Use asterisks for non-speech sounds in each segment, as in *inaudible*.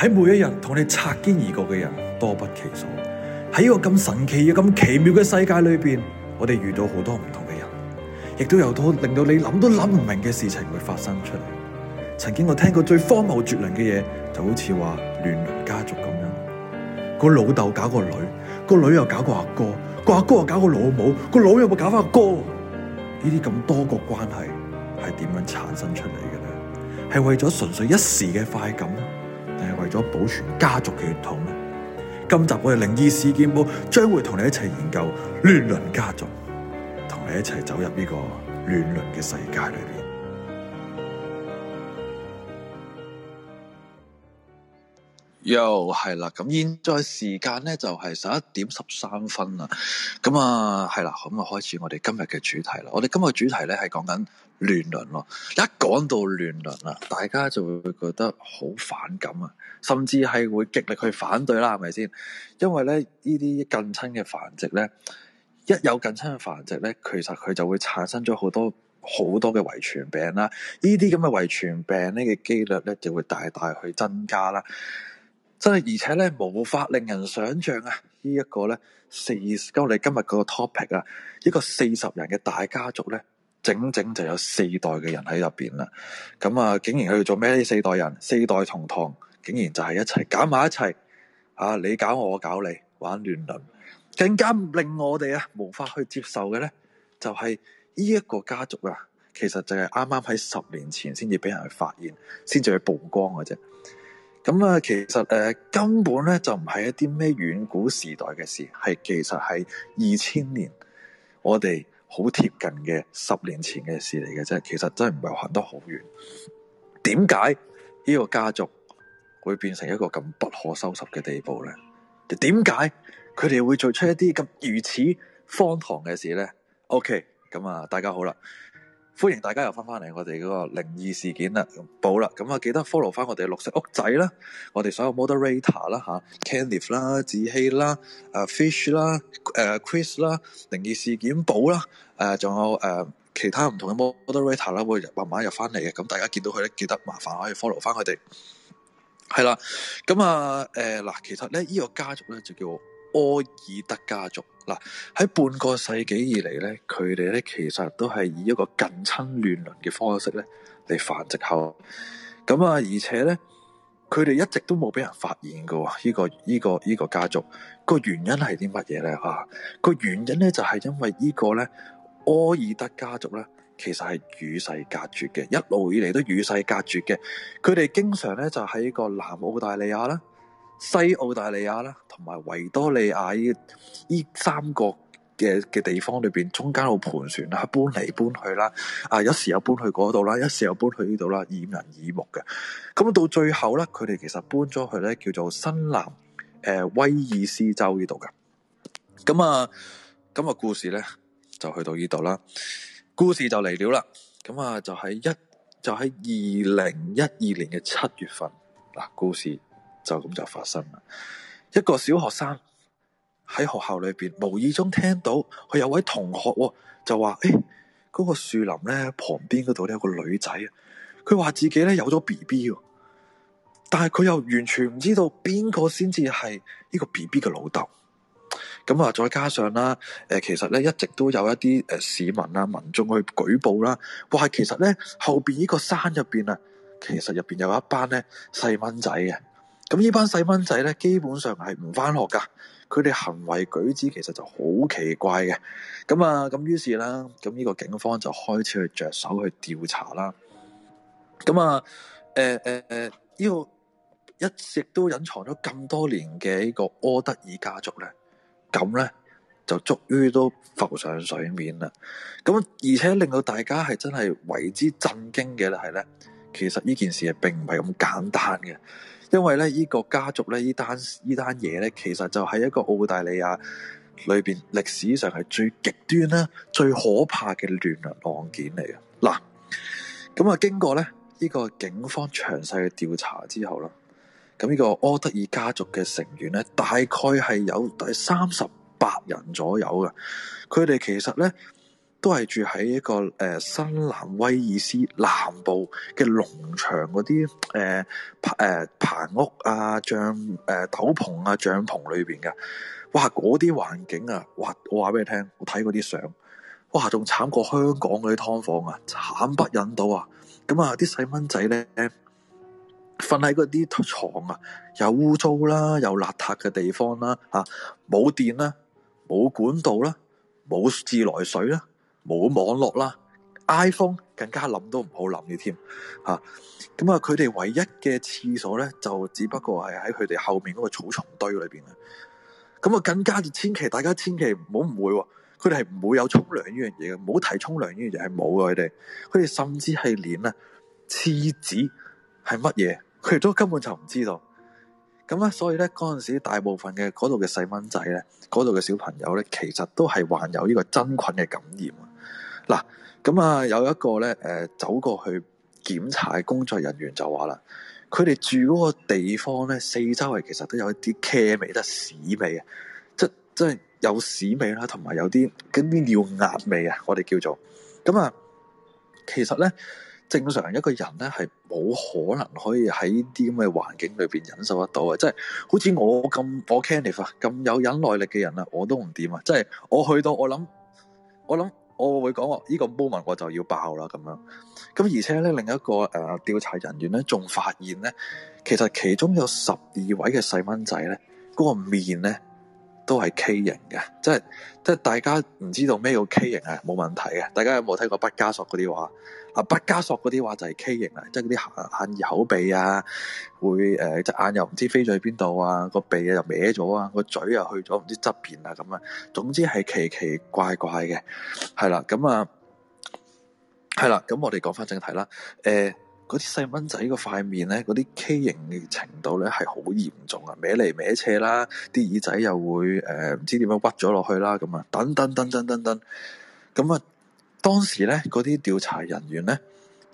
喺每一日同你擦肩而過嘅人多不其數，喺呢個咁神奇又咁奇妙嘅世界裏邊，我哋遇到好多唔同嘅人，亦都有多令到你諗都諗唔明嘅事情會發生出嚟。曾經我聽過最荒謬絕倫嘅嘢，就好似話亂倫家族咁樣，個老豆搞個女，個女又搞個阿哥，個阿哥又搞個老母，個老又咪搞翻阿哥，呢啲咁多個關係係點樣產生出嚟嘅咧？係為咗純粹一時嘅快感？係為咗保存家族嘅血統咧？今集我哋靈異事件簿將會同你一齊研究亂倫家族，同你一齊走入呢個亂倫嘅世界裏邊。又係啦，咁現在時間咧就係十一點十三分啦。咁啊，係啦，咁啊開始我哋今日嘅主題啦。我哋今日主題咧係講緊亂倫咯。一講到亂倫啦，大家就會覺得好反感啊，甚至係會極力去反對啦，係咪先？因為咧呢啲近親嘅繁殖咧，一有近親嘅繁殖咧，其實佢就會產生咗好多好多嘅遺傳病啦。這這病呢啲咁嘅遺傳病咧嘅幾率咧就會大大去增加啦。真係，而且咧，無法令人想像啊！這個、呢一個咧，四講我哋今日嗰個 topic 啊，一個四十人嘅大家族咧，整整就有四代嘅人喺入邊啦。咁、嗯、啊，竟然佢哋做咩呢？四代人，四代同堂，竟然就係一齊搞埋一齊啊！你搞我，我搞你，玩亂倫。更加令我哋啊，無法去接受嘅咧，就係呢一個家族啊，其實就係啱啱喺十年前先至俾人去發現，先至去曝光嘅啫。咁啊、嗯，其實誒、呃、根本咧就唔係一啲咩遠古時代嘅事，係其實係二千年，我哋好貼近嘅十年前嘅事嚟嘅啫。其實真係唔係行得好遠。點解呢個家族會變成一個咁不可收拾嘅地步咧？點解佢哋會做出一啲咁如此荒唐嘅事咧？OK，咁、嗯、啊，大家好啦。歡迎大家又翻返嚟我哋嗰個靈異事件啦，簿啦，咁啊，記得 follow 翻我哋綠色屋仔啦，我哋所有 moderator 啦吓 Candice 啦，子希啦，誒、啊、Fish 啦、啊，誒 Chris 啦、啊，靈異事件簿啦，誒、啊、仲有誒、啊、其他唔同嘅 moderator 啦、啊，會慢慢入翻嚟嘅，咁、啊、大家見到佢咧，記得麻煩可以 follow 翻佢哋，係啦，咁啊誒嗱、呃，其實咧依個家族咧就叫。柯爾德家族嗱，喺半個世紀以嚟咧，佢哋咧其實都係以一個近親亂倫嘅方式咧嚟繁殖後，咁啊，而且咧佢哋一直都冇俾人發現過呢、呢個呢、呢個呢、呢個家族個原因係啲乜嘢咧啊，個原因咧就係因為個呢個咧柯爾德家族咧其實係與世隔絕嘅，一路以嚟都與世隔絕嘅，佢哋經常咧就喺、呢、個南澳大利亞啦。西澳大利亞啦，同埋維多利亞呢三個嘅嘅地方裏邊，中間度盤旋啦，搬嚟搬去啦，啊，有時又搬去嗰度啦，有時又搬去呢度啦，掩人耳目嘅。咁到最後咧，佢哋其實搬咗去咧叫做新南誒威爾斯州呢度嘅。咁啊，咁啊，故事咧就去到呢度啦。故事就嚟了啦。咁啊，就喺一就喺二零一二年嘅七月份嗱，故事。就咁就發生啦。一個小學生喺學校裏邊，無意中聽到佢有位同學、哦、就話：誒、欸，嗰、嗰個樹林咧旁邊嗰度咧有個女仔啊。佢話自己咧有咗 B B，但係佢又完全唔知道邊個先至係呢個 B B 嘅老豆。咁啊，再加上啦，誒、呃，其實咧一直都有一啲誒市民啊民眾去舉報啦，話其實咧後邊呢個山入邊啊，其實入邊有一班咧細蚊仔嘅。咁呢班細蚊仔咧，基本上係唔翻學噶。佢哋行為舉止其實就好奇怪嘅。咁啊，咁於是啦，咁呢個警方就開始去着手去調查啦。咁啊，誒誒誒，呢個一直都隱藏咗咁多年嘅呢個柯德爾家族咧，咁咧就終於都浮上水面啦。咁而且令到大家係真係為之震驚嘅係咧，其實呢件事係並唔係咁簡單嘅。因為咧，依個家族咧，依單依單嘢咧，其實就喺一個澳大利亞裏邊歷史上係最極端啦、最可怕嘅亂倫案件嚟嘅。嗱，咁啊，經過咧依、這個警方詳細嘅調查之後啦，咁、這、依個柯德爾家族嘅成員咧，大概係有第三十八人左右嘅，佢哋其實咧。都係住喺一個誒、呃，新南威爾斯南部嘅農場嗰啲誒誒棚屋啊、帳誒、呃、斗篷啊、帳篷裏邊嘅，哇！嗰啲環境啊，哇！我話俾你聽，我睇嗰啲相，哇！仲慘過香港嗰啲劏房啊，慘不忍睹啊！咁啊，啲細蚊仔咧瞓喺嗰啲床啊，又污糟啦，又邋遢嘅地方啦、啊，吓、啊、冇電啦、啊，冇管道啦、啊，冇自來水啦、啊。冇網絡啦，iPhone 更加諗都唔好諗嘅添吓，咁啊，佢哋唯一嘅廁所咧，就只不過係喺佢哋後面嗰個草叢堆裏邊啊，咁啊，更加千祈大家千祈唔好誤會，佢哋係唔會有沖涼呢樣嘢嘅，唔好睇沖涼呢樣嘢，係冇嘅佢哋，佢哋甚至係連啊廁紙係乜嘢，佢哋都根本就唔知道，咁咧，所以咧，嗰陣時大部分嘅嗰度嘅細蚊仔咧，嗰度嘅小朋友咧，其實都係患有呢個真菌嘅感染。嗱，咁啊、嗯，有一個咧，誒、呃、走過去檢查嘅工作人員就話啦，佢哋 *noise* 住嗰個地方咧，四周圍其實都有一啲茄味、得屎味啊，即即係有屎味啦，同埋有啲嗰啲尿壓味啊，我哋叫做，咁、嗯、啊、嗯，其實咧，正常一個人咧係冇可能可以喺啲咁嘅環境裏邊忍受得到啊。即係好似我咁我 canive 啊，咁有忍耐力嘅人啊，我都唔掂啊，即係我去到我諗，我諗。我會講話，呢、這個 moment 我就要爆啦咁樣。咁而且咧，另一個誒調、呃、查人員咧，仲發現咧，其實其中有十二位嘅細蚊仔咧，嗰、那個面咧。都係畸形嘅。即係即係大家唔知道咩叫畸形啊，冇問題嘅。大家有冇睇過畢加索嗰啲畫？啊，畢加索嗰啲畫就係畸形啊，即係嗰啲眼耳口鼻啊，會誒隻、呃、眼又唔知飛咗去邊度啊，個鼻啊又歪咗啊，個嘴又去咗唔知側邊啊咁啊，總之係奇奇怪怪嘅。係啦，咁啊，係啦，咁我哋講翻正題啦，誒、呃。嗰啲細蚊仔個塊面咧，嗰啲畸形嘅程度咧係好嚴重啊！歪嚟歪斜啦，啲耳仔又會誒唔知點樣屈咗落去啦，咁啊，等等等等等等，咁啊，當時咧嗰啲調查人員咧，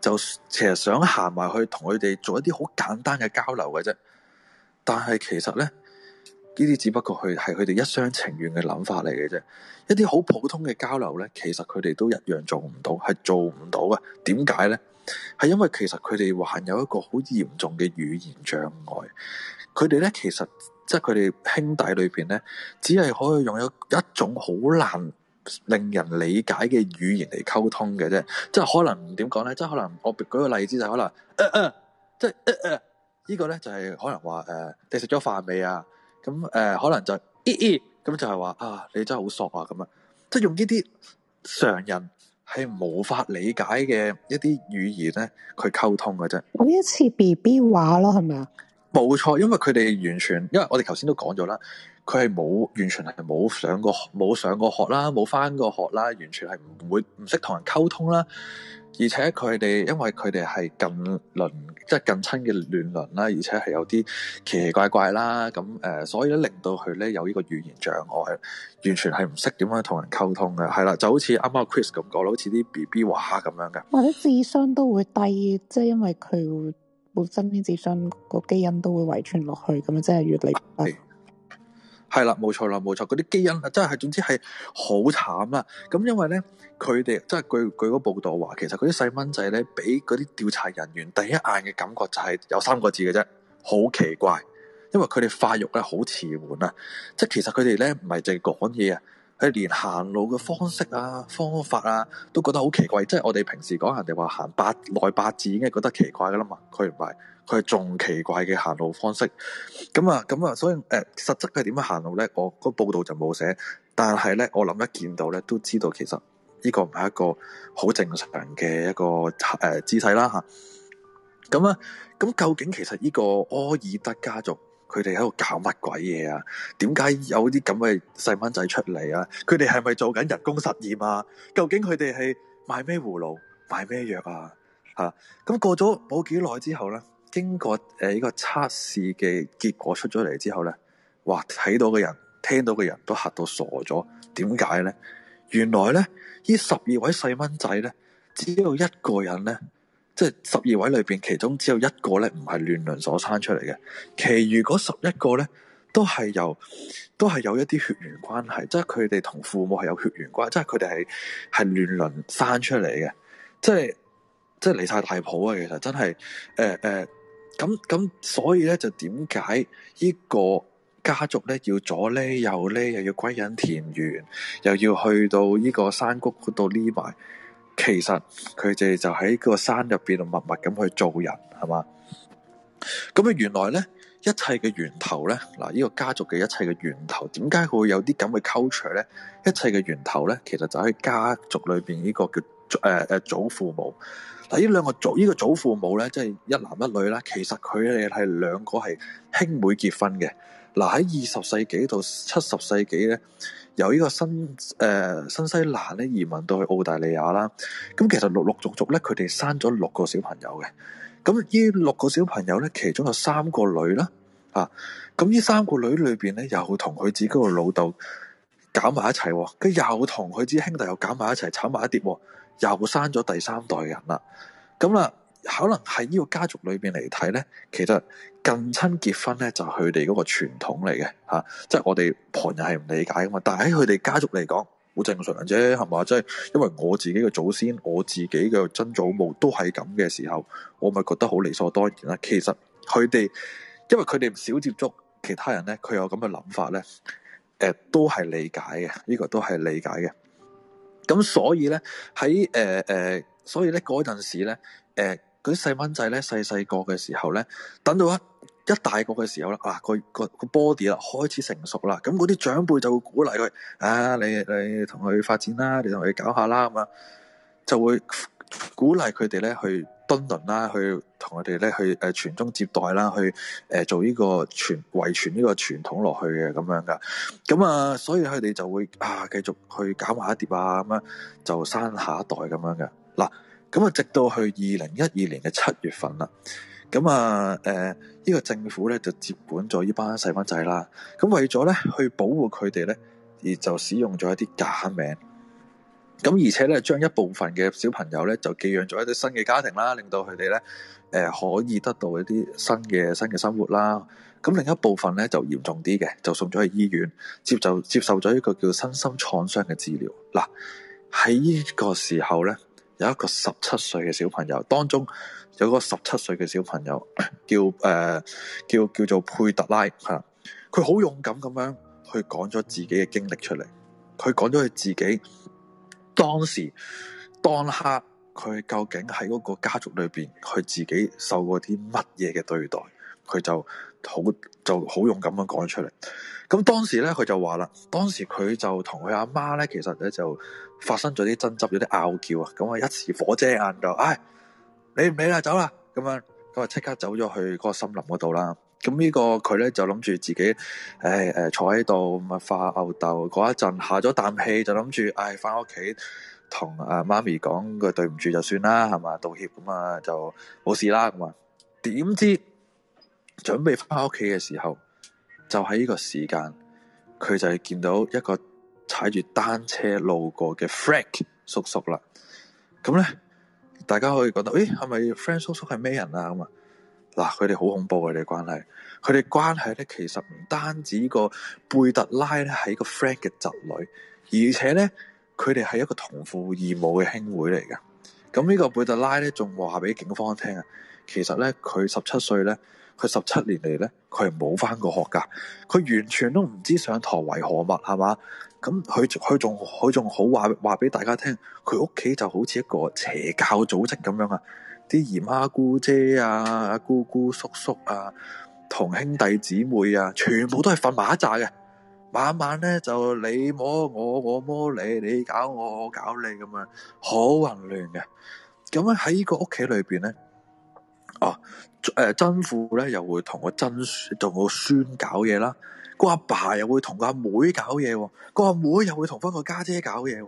就其實想行埋去同佢哋做一啲好簡單嘅交流嘅啫，但係其實咧，呢啲只不過佢係佢哋一廂情願嘅諗法嚟嘅啫，一啲好普通嘅交流咧，其實佢哋都一樣做唔到，係做唔到嘅。點解咧？係因為其實佢哋患有一個好嚴重嘅語言障礙，佢哋咧其實即係佢哋兄弟裏邊咧，只係可以用有一種好難令人理解嘅語言嚟溝通嘅啫，即係可能點講咧，即係可能我舉個例子就係可能，呃呃即係呢、呃呃這個咧就係可能話誒、呃，你食咗飯未啊？咁、嗯、誒、呃，可能就咦咦」咦，咁、嗯、就係、是、話啊，你真係好索啊咁啊，樣即係用呢啲常人。係無法理解嘅一啲語言咧，去溝通嘅啫。好似 B B 話咯，係咪啊？冇錯， *music* 因為佢哋完全，因為我哋頭先都講咗啦，佢係冇完全係冇上過冇上過學啦，冇返過學啦，完全係唔會唔識同人溝通啦。而且佢哋，因為佢哋係近鄰，即係近親嘅亂倫啦，而且係有啲奇奇怪怪啦，咁誒、呃，所以咧令到佢咧有呢個語言障礙，完全係唔識點樣同人溝通嘅，係啦，就好似啱啱 Chris 咁講啦，好似啲 BB 話咁樣嘅，或者智商都會低，即係因為佢本身啲智商個基因都會遺傳落去，咁樣即係越嚟越低。啊。係啦，冇錯啦，冇錯，嗰啲基因真係，總之係好慘啦。咁因為咧，佢哋即係據據嗰報道話，其實嗰啲細蚊仔咧，俾嗰啲調查人員第一眼嘅感覺就係有三個字嘅啫，好奇怪。因為佢哋發育咧好遲緩啊，即係其實佢哋咧唔係淨係講嘢啊，佢連行路嘅方式啊方法啊，都覺得好奇怪。即係我哋平時講人哋話行八內八字，已經係覺得奇怪噶啦嘛，佢唔係。佢係仲奇怪嘅行路方式。咁啊，咁啊，所以誒，實質佢係點樣行路咧？我嗰報道就冇寫，但係咧，我諗一見到咧，都知道其實呢個唔係一個好正常嘅一個誒姿勢啦吓。咁啊，咁究竟其實呢個柯爾德家族佢哋喺度搞乜鬼嘢啊？點解有啲咁嘅細蚊仔出嚟啊？佢哋係咪做緊人工實驗啊？究竟佢哋係賣咩葫蘆、賣咩藥啊？吓，咁過咗冇幾耐之後咧？經過誒呢、呃、個測試嘅結果出咗嚟之後咧，哇，睇到嘅人、聽到嘅人都嚇到傻咗。點解咧？原來咧呢十二位細蚊仔咧，只有一個人咧，即係十二位裏邊，其中只有一個咧唔係亂倫所生出嚟嘅，其餘嗰十一個咧都係由都係有一啲血緣關係，即係佢哋同父母係有血緣關係，即係佢哋係係亂倫生出嚟嘅，即係即係離晒大譜啊！其實真係誒誒。呃呃咁咁，所以咧就點解呢個家族咧要左匿右匿，又要歸隱田園，又要去到呢個山谷嗰度匿埋？其實佢哋就喺個山入邊默默咁去做人，係嘛？咁啊，原來咧一切嘅源頭咧，嗱、這、呢個家族嘅一切嘅源頭，點解佢會有啲咁嘅 culture 咧？一切嘅源頭咧，其實就喺家族裏邊呢個叫誒誒、呃、祖父母。嗱，呢兩個祖呢、這個祖父母咧，即係一男一女啦。其實佢哋係兩個係兄妹結婚嘅。嗱、呃，喺二十世紀到七十世紀咧，由呢個新誒、呃、新西蘭咧移民到去澳大利亞啦。咁、嗯、其實陸陸續續咧，佢哋生咗六個小朋友嘅。咁、嗯、呢六個小朋友咧，其中有三個女啦。啊，咁、嗯、呢三個女裏邊咧，又同佢自己個老豆搞埋一齊，佢又同佢自己兄弟又搞埋一齊，炒埋一碟。又生咗第三代人啦，咁啦，可能喺呢個家族裏邊嚟睇咧，其實近親結婚咧就係佢哋嗰個傳統嚟嘅吓，即係我哋旁人係唔理解噶嘛，但係喺佢哋家族嚟講好正常啫，係嘛？即係因為我自己嘅祖先，我自己嘅曾祖母都係咁嘅時候，我咪覺得好理所當然啦。其實佢哋因為佢哋少接觸其他人咧，佢有咁嘅諗法咧，誒、呃，都係理解嘅，呢、這個都係理解嘅。咁所以咧，喺誒誒，所以咧嗰陣時咧，誒嗰啲細蚊仔咧，細細個嘅時候咧，等到一一大個嘅時候啦，嗱、啊個個、個 body 啦開始成熟啦，咁嗰啲長輩就會鼓勵佢，啊你你同佢發展啦，你同佢搞下啦咁啊，就會鼓勵佢哋咧去，敦倫啦，去同佢哋咧去誒傳宗接代啦，去誒做呢個傳遺傳呢個傳統落去嘅咁樣噶。咁啊，所以佢哋就會啊繼續去搞下一碟啊咁樣，就生下一代咁樣嘅嗱。咁啊，直到去二零一二年嘅七月份啦。咁啊，誒呢個政府咧就接管咗呢班細蚊仔啦。咁為咗咧去保護佢哋咧，而就使用咗一啲假名。咁而且咧，將一部分嘅小朋友咧就寄養咗一啲新嘅家庭啦，令到佢哋咧誒可以得到一啲新嘅新嘅生活啦。咁、嗯、另一部分咧就嚴重啲嘅，就送咗去醫院接就接受咗一個叫身心創傷嘅治療嗱。喺呢個時候咧，有一個十七歲嘅小朋友，當中有個十七歲嘅小朋友 *laughs* 叫誒、呃、叫叫做佩特拉嚇，佢好勇敢咁樣去講咗自己嘅經歷出嚟，佢講咗佢自己。當時當刻佢究竟喺嗰個家族裏邊，佢自己受過啲乜嘢嘅對待，佢就好就好勇敢咁講出嚟。咁當時咧，佢就話啦，當時佢就同佢阿媽咧，其實咧就發生咗啲爭執，有啲拗撬啊。咁啊一時火遮眼就，唉，你，哎，唔理啦，走啦。咁樣，咁啊即刻走咗去嗰個森林嗰度啦。咁呢個佢咧就諗住自己，誒、哎、誒、呃、坐喺度，咪發吽哣。嗰一陣下咗啖氣，就諗住，唉、哎，翻屋企同阿媽咪講句對唔住就算啦，係嘛，道歉嘛，咁啊就冇事啦。咁啊，點知準備翻屋企嘅時候，就喺呢個時間，佢就見到一個踩住單車路過嘅 Frank 叔叔啦。咁咧，大家可以覺得，誒，係咪 Frank 叔叔係咩人啊？咁啊？嗱，佢哋好恐怖嘅，佢哋關係，佢哋關係咧，其實唔單止個貝特拉咧係一個 friend 嘅侄女，而且咧佢哋係一個同父異母嘅兄妹嚟嘅。咁呢個貝特拉咧，仲話俾警方聽啊，其實咧佢十七歲咧，佢十七年嚟咧，佢係冇翻過學㗎，佢完全都唔知上台為何物，係嘛？咁佢佢仲佢仲好話話俾大家聽，佢屋企就好似一個邪教組織咁樣啊！啲姨媽姑姐啊，姑姑叔叔啊，同兄弟姊妹啊，全部都係瞓埋一紮嘅。晚晚咧就你摸我，我摸你，你搞我，我搞你咁啊，好混亂嘅。咁啊喺呢個屋企裏邊咧，哦，誒，曾父咧又會同個曾同個孫搞嘢啦，個阿爸，爸又會同個阿妹搞嘢，個阿妹，妹又會同翻個家姐搞嘢，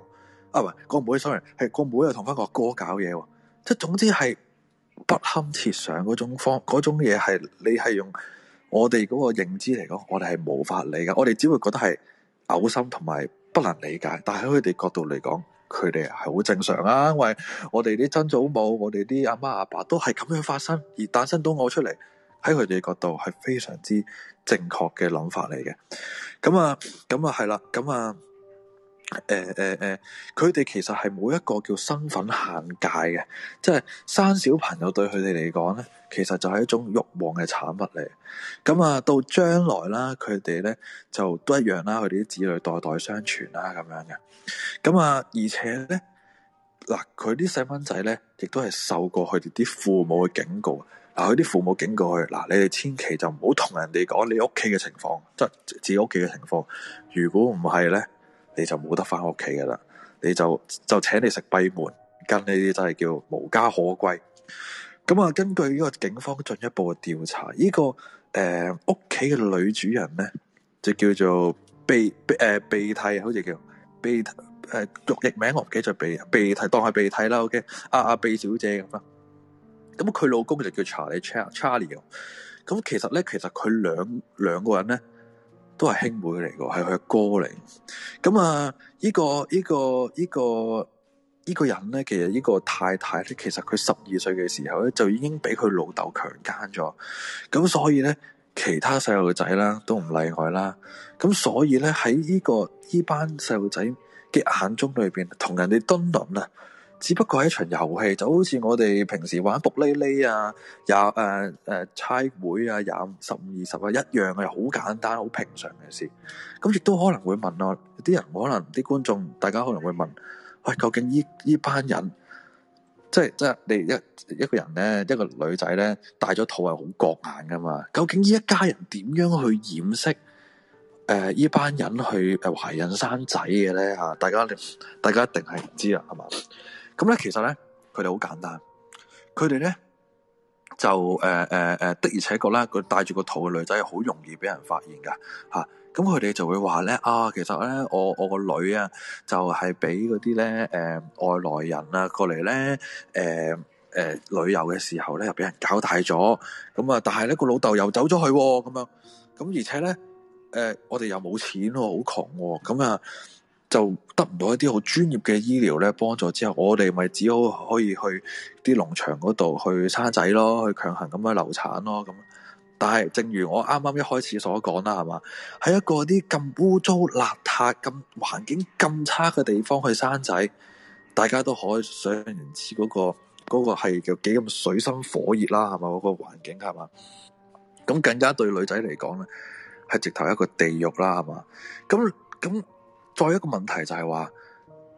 啊唔係個妹 sorry 係個妹，妹又同翻個哥搞嘢，即係總之係。不堪設想嗰種方嗰種嘢，係你係用我哋嗰個認知嚟講，我哋係無法理解，我哋只會覺得係嘔心同埋不能理解。但喺佢哋角度嚟講，佢哋係好正常啊！因為我哋啲曾祖母、我哋啲阿媽阿爸都係咁樣發生而誕生到我出嚟，喺佢哋嘅角度係非常之正確嘅諗法嚟嘅。咁啊，咁啊，係啦，咁啊。誒誒誒，佢哋、呃呃呃、其實係冇一個叫身份限界嘅，即係生小朋友對佢哋嚟講咧，其實就係一種欲望嘅產物嚟。咁啊，到將來啦，佢哋咧就都一樣啦。佢哋啲子女代代相傳啦，咁樣嘅。咁啊，而且咧嗱，佢啲細蚊仔咧，亦都係受過佢哋啲父母嘅警告。嗱，佢啲父母警告佢：嗱，你哋千祈就唔好同人哋講你屋企嘅情況，即係自己屋企嘅情況。如果唔係咧。你就冇得翻屋企噶啦，你就就請你食閉門，跟呢啲真係叫無家可歸。咁、嗯、啊，根據呢個警方進一步嘅調查，呢、這個誒屋企嘅女主人咧，就叫做鼻鼻誒鼻涕，好似叫鼻誒俗譯名我，我唔記得咗，鼻鼻涕，當係鼻涕啦。O K，阿阿鼻小姐咁啦，咁、嗯、佢老公就叫查理查查理。咁其實咧，其實佢兩兩個人咧。都係兄妹嚟嘅，係佢阿哥嚟。咁啊，呢個呢個呢個呢個人咧，其實呢個太太咧，其實佢十二歲嘅時候咧，就已經俾佢老豆強姦咗。咁所以咧，其他細路仔啦，都唔例外啦。咁所以咧，喺呢個呢班細路仔嘅眼中裏邊，同人哋敦倫啊。只不過係一場遊戲，就好似我哋平時玩卜哩哩啊，有，誒誒猜會啊，有，十五二十啊，啊二十，一樣嘅，好簡單、好平常嘅事。咁亦都可能會問咯，啲人可能啲觀眾，大家可能會問：喂，究竟依依班人，即係即係你一一個人咧，一個女仔咧，戴咗肚係好角眼噶嘛？究竟呢一家人點樣去掩飾？誒、呃，依班人去誒懷孕生仔嘅咧吓，大家，大家一定係唔知啦，係嘛？咁咧，其實咧，佢哋好簡單，佢哋咧就誒誒誒的而且確啦，佢帶住個肚嘅女仔係好容易俾人發現噶吓。咁佢哋就會話咧啊，其實咧，我我個女啊，就係俾嗰啲咧誒外來人啊過嚟咧誒誒旅遊嘅時候咧，又俾人搞大咗。咁啊，但係咧個老豆又走咗去，啊，咁樣咁，而且咧誒、呃，我哋又冇錢，好窮，咁啊。就得唔到一啲好專業嘅醫療咧幫助之後，我哋咪只好可以去啲農場嗰度去生仔咯，去強行咁樣流產咯咁。但係正如我啱啱一開始所講啦，係嘛？喺一個啲咁污糟邋遢、咁環境咁差嘅地方去生仔，大家都可想而知嗰個嗰個係有幾咁水深火熱啦，係嘛？嗰個環境，係嘛？咁更加對女仔嚟講咧，係直頭一個地獄啦，係嘛？咁咁。再一個問題就係話，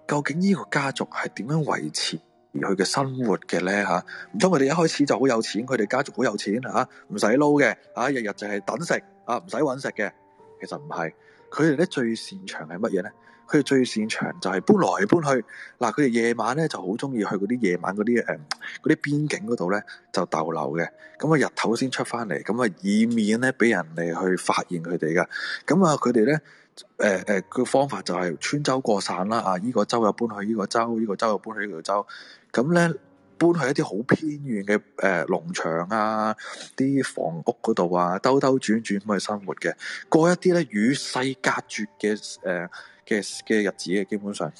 究竟呢個家族係點樣維持佢嘅生活嘅咧？吓、啊，唔通佢哋一開始就好有錢，佢哋家族好有錢啊，唔使撈嘅啊，日日就係等食啊，唔使搵食嘅。其實唔係，佢哋咧最擅長係乜嘢咧？佢哋最擅長就係搬來搬去。嗱、啊，佢哋夜晚咧、嗯、就好中意去嗰啲夜晚嗰啲誒，嗰啲邊境嗰度咧就逗留嘅。咁啊，日頭先出翻嚟，咁啊，以免咧俾人哋去發現佢哋噶。咁啊，佢哋咧。誒誒，個、呃呃、方法就係穿州過省啦啊！依、這個州又搬去依個州，依、這個州又搬去呢個州，咁咧搬去一啲好偏遠嘅誒、呃、農場啊，啲房屋嗰度啊，兜兜轉轉咁去生活嘅，過一啲咧與世隔絕嘅誒嘅嘅日子嘅，基本上。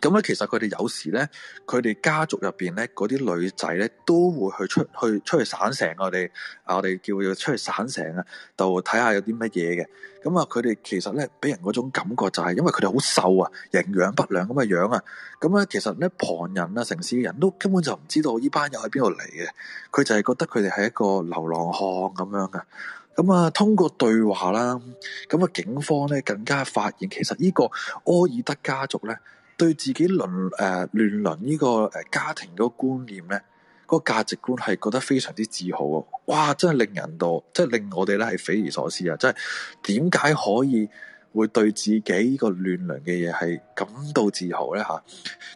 咁咧，其實佢哋有時咧，佢哋家族入邊咧，嗰啲女仔咧，都會去出去出去省城我，我哋啊，我哋叫要出去省城啊，就睇下有啲乜嘢嘅。咁、嗯、啊，佢哋其實咧，俾人嗰種感覺就係、是、因為佢哋好瘦啊，營養不良咁嘅樣啊。咁、嗯、咧，其實咧，旁人啦、啊，城市人都根本就唔知道呢班人喺邊度嚟嘅。佢就係覺得佢哋係一個流浪漢咁樣噶。咁、嗯、啊，通過對話啦，咁、嗯、啊，警方咧更加發現，其實呢個柯爾德家族咧。對自己亂誒、呃、亂倫呢個誒家庭嗰個觀念咧，嗰、那個價值觀係覺得非常之自豪喎！哇，真係令人到，真係令我哋咧係匪夷所思啊！真係點解可以會對自己呢個亂倫嘅嘢係感到自豪咧？吓、啊，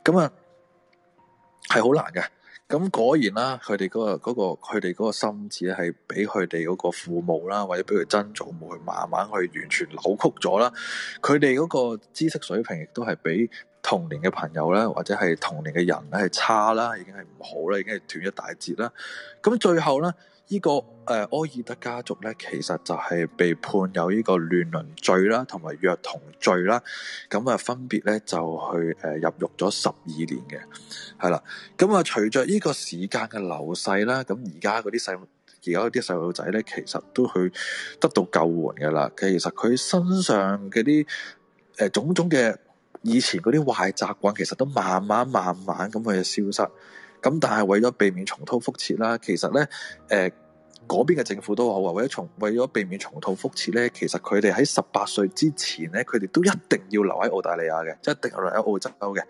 咁啊係好難嘅。咁、啊、果然啦、啊，佢哋嗰個佢哋嗰心智咧，係俾佢哋嗰個父母啦，或者俾佢曾祖母去慢慢去完全扭曲咗啦。佢哋嗰個知識水平亦都係俾。同年嘅朋友咧，或者係童年嘅人咧，係差啦，已經係唔好啦，已經係斷一大截啦。咁最後咧，呢、這個誒，柯、呃、爾德家族咧，其實就係被判有呢個亂倫罪啦，同埋虐童罪啦。咁啊，分別咧就去誒、呃、入獄咗十二年嘅。係啦，咁啊，隨着呢個時間嘅流逝啦，咁而家嗰啲細而家啲細路仔咧，其實都去得到救援噶啦。其實佢身上嘅啲誒種種嘅。以前嗰啲壞習慣其實都慢慢慢慢咁佢就消失，咁但係為咗避免重蹈覆轍啦，其實呢，誒、呃、嗰邊嘅政府都好話為咗重為咗避免重蹈覆轍呢，其實佢哋喺十八歲之前呢，佢哋都一定要留喺澳大利亞嘅，即一定要留喺澳洲嘅，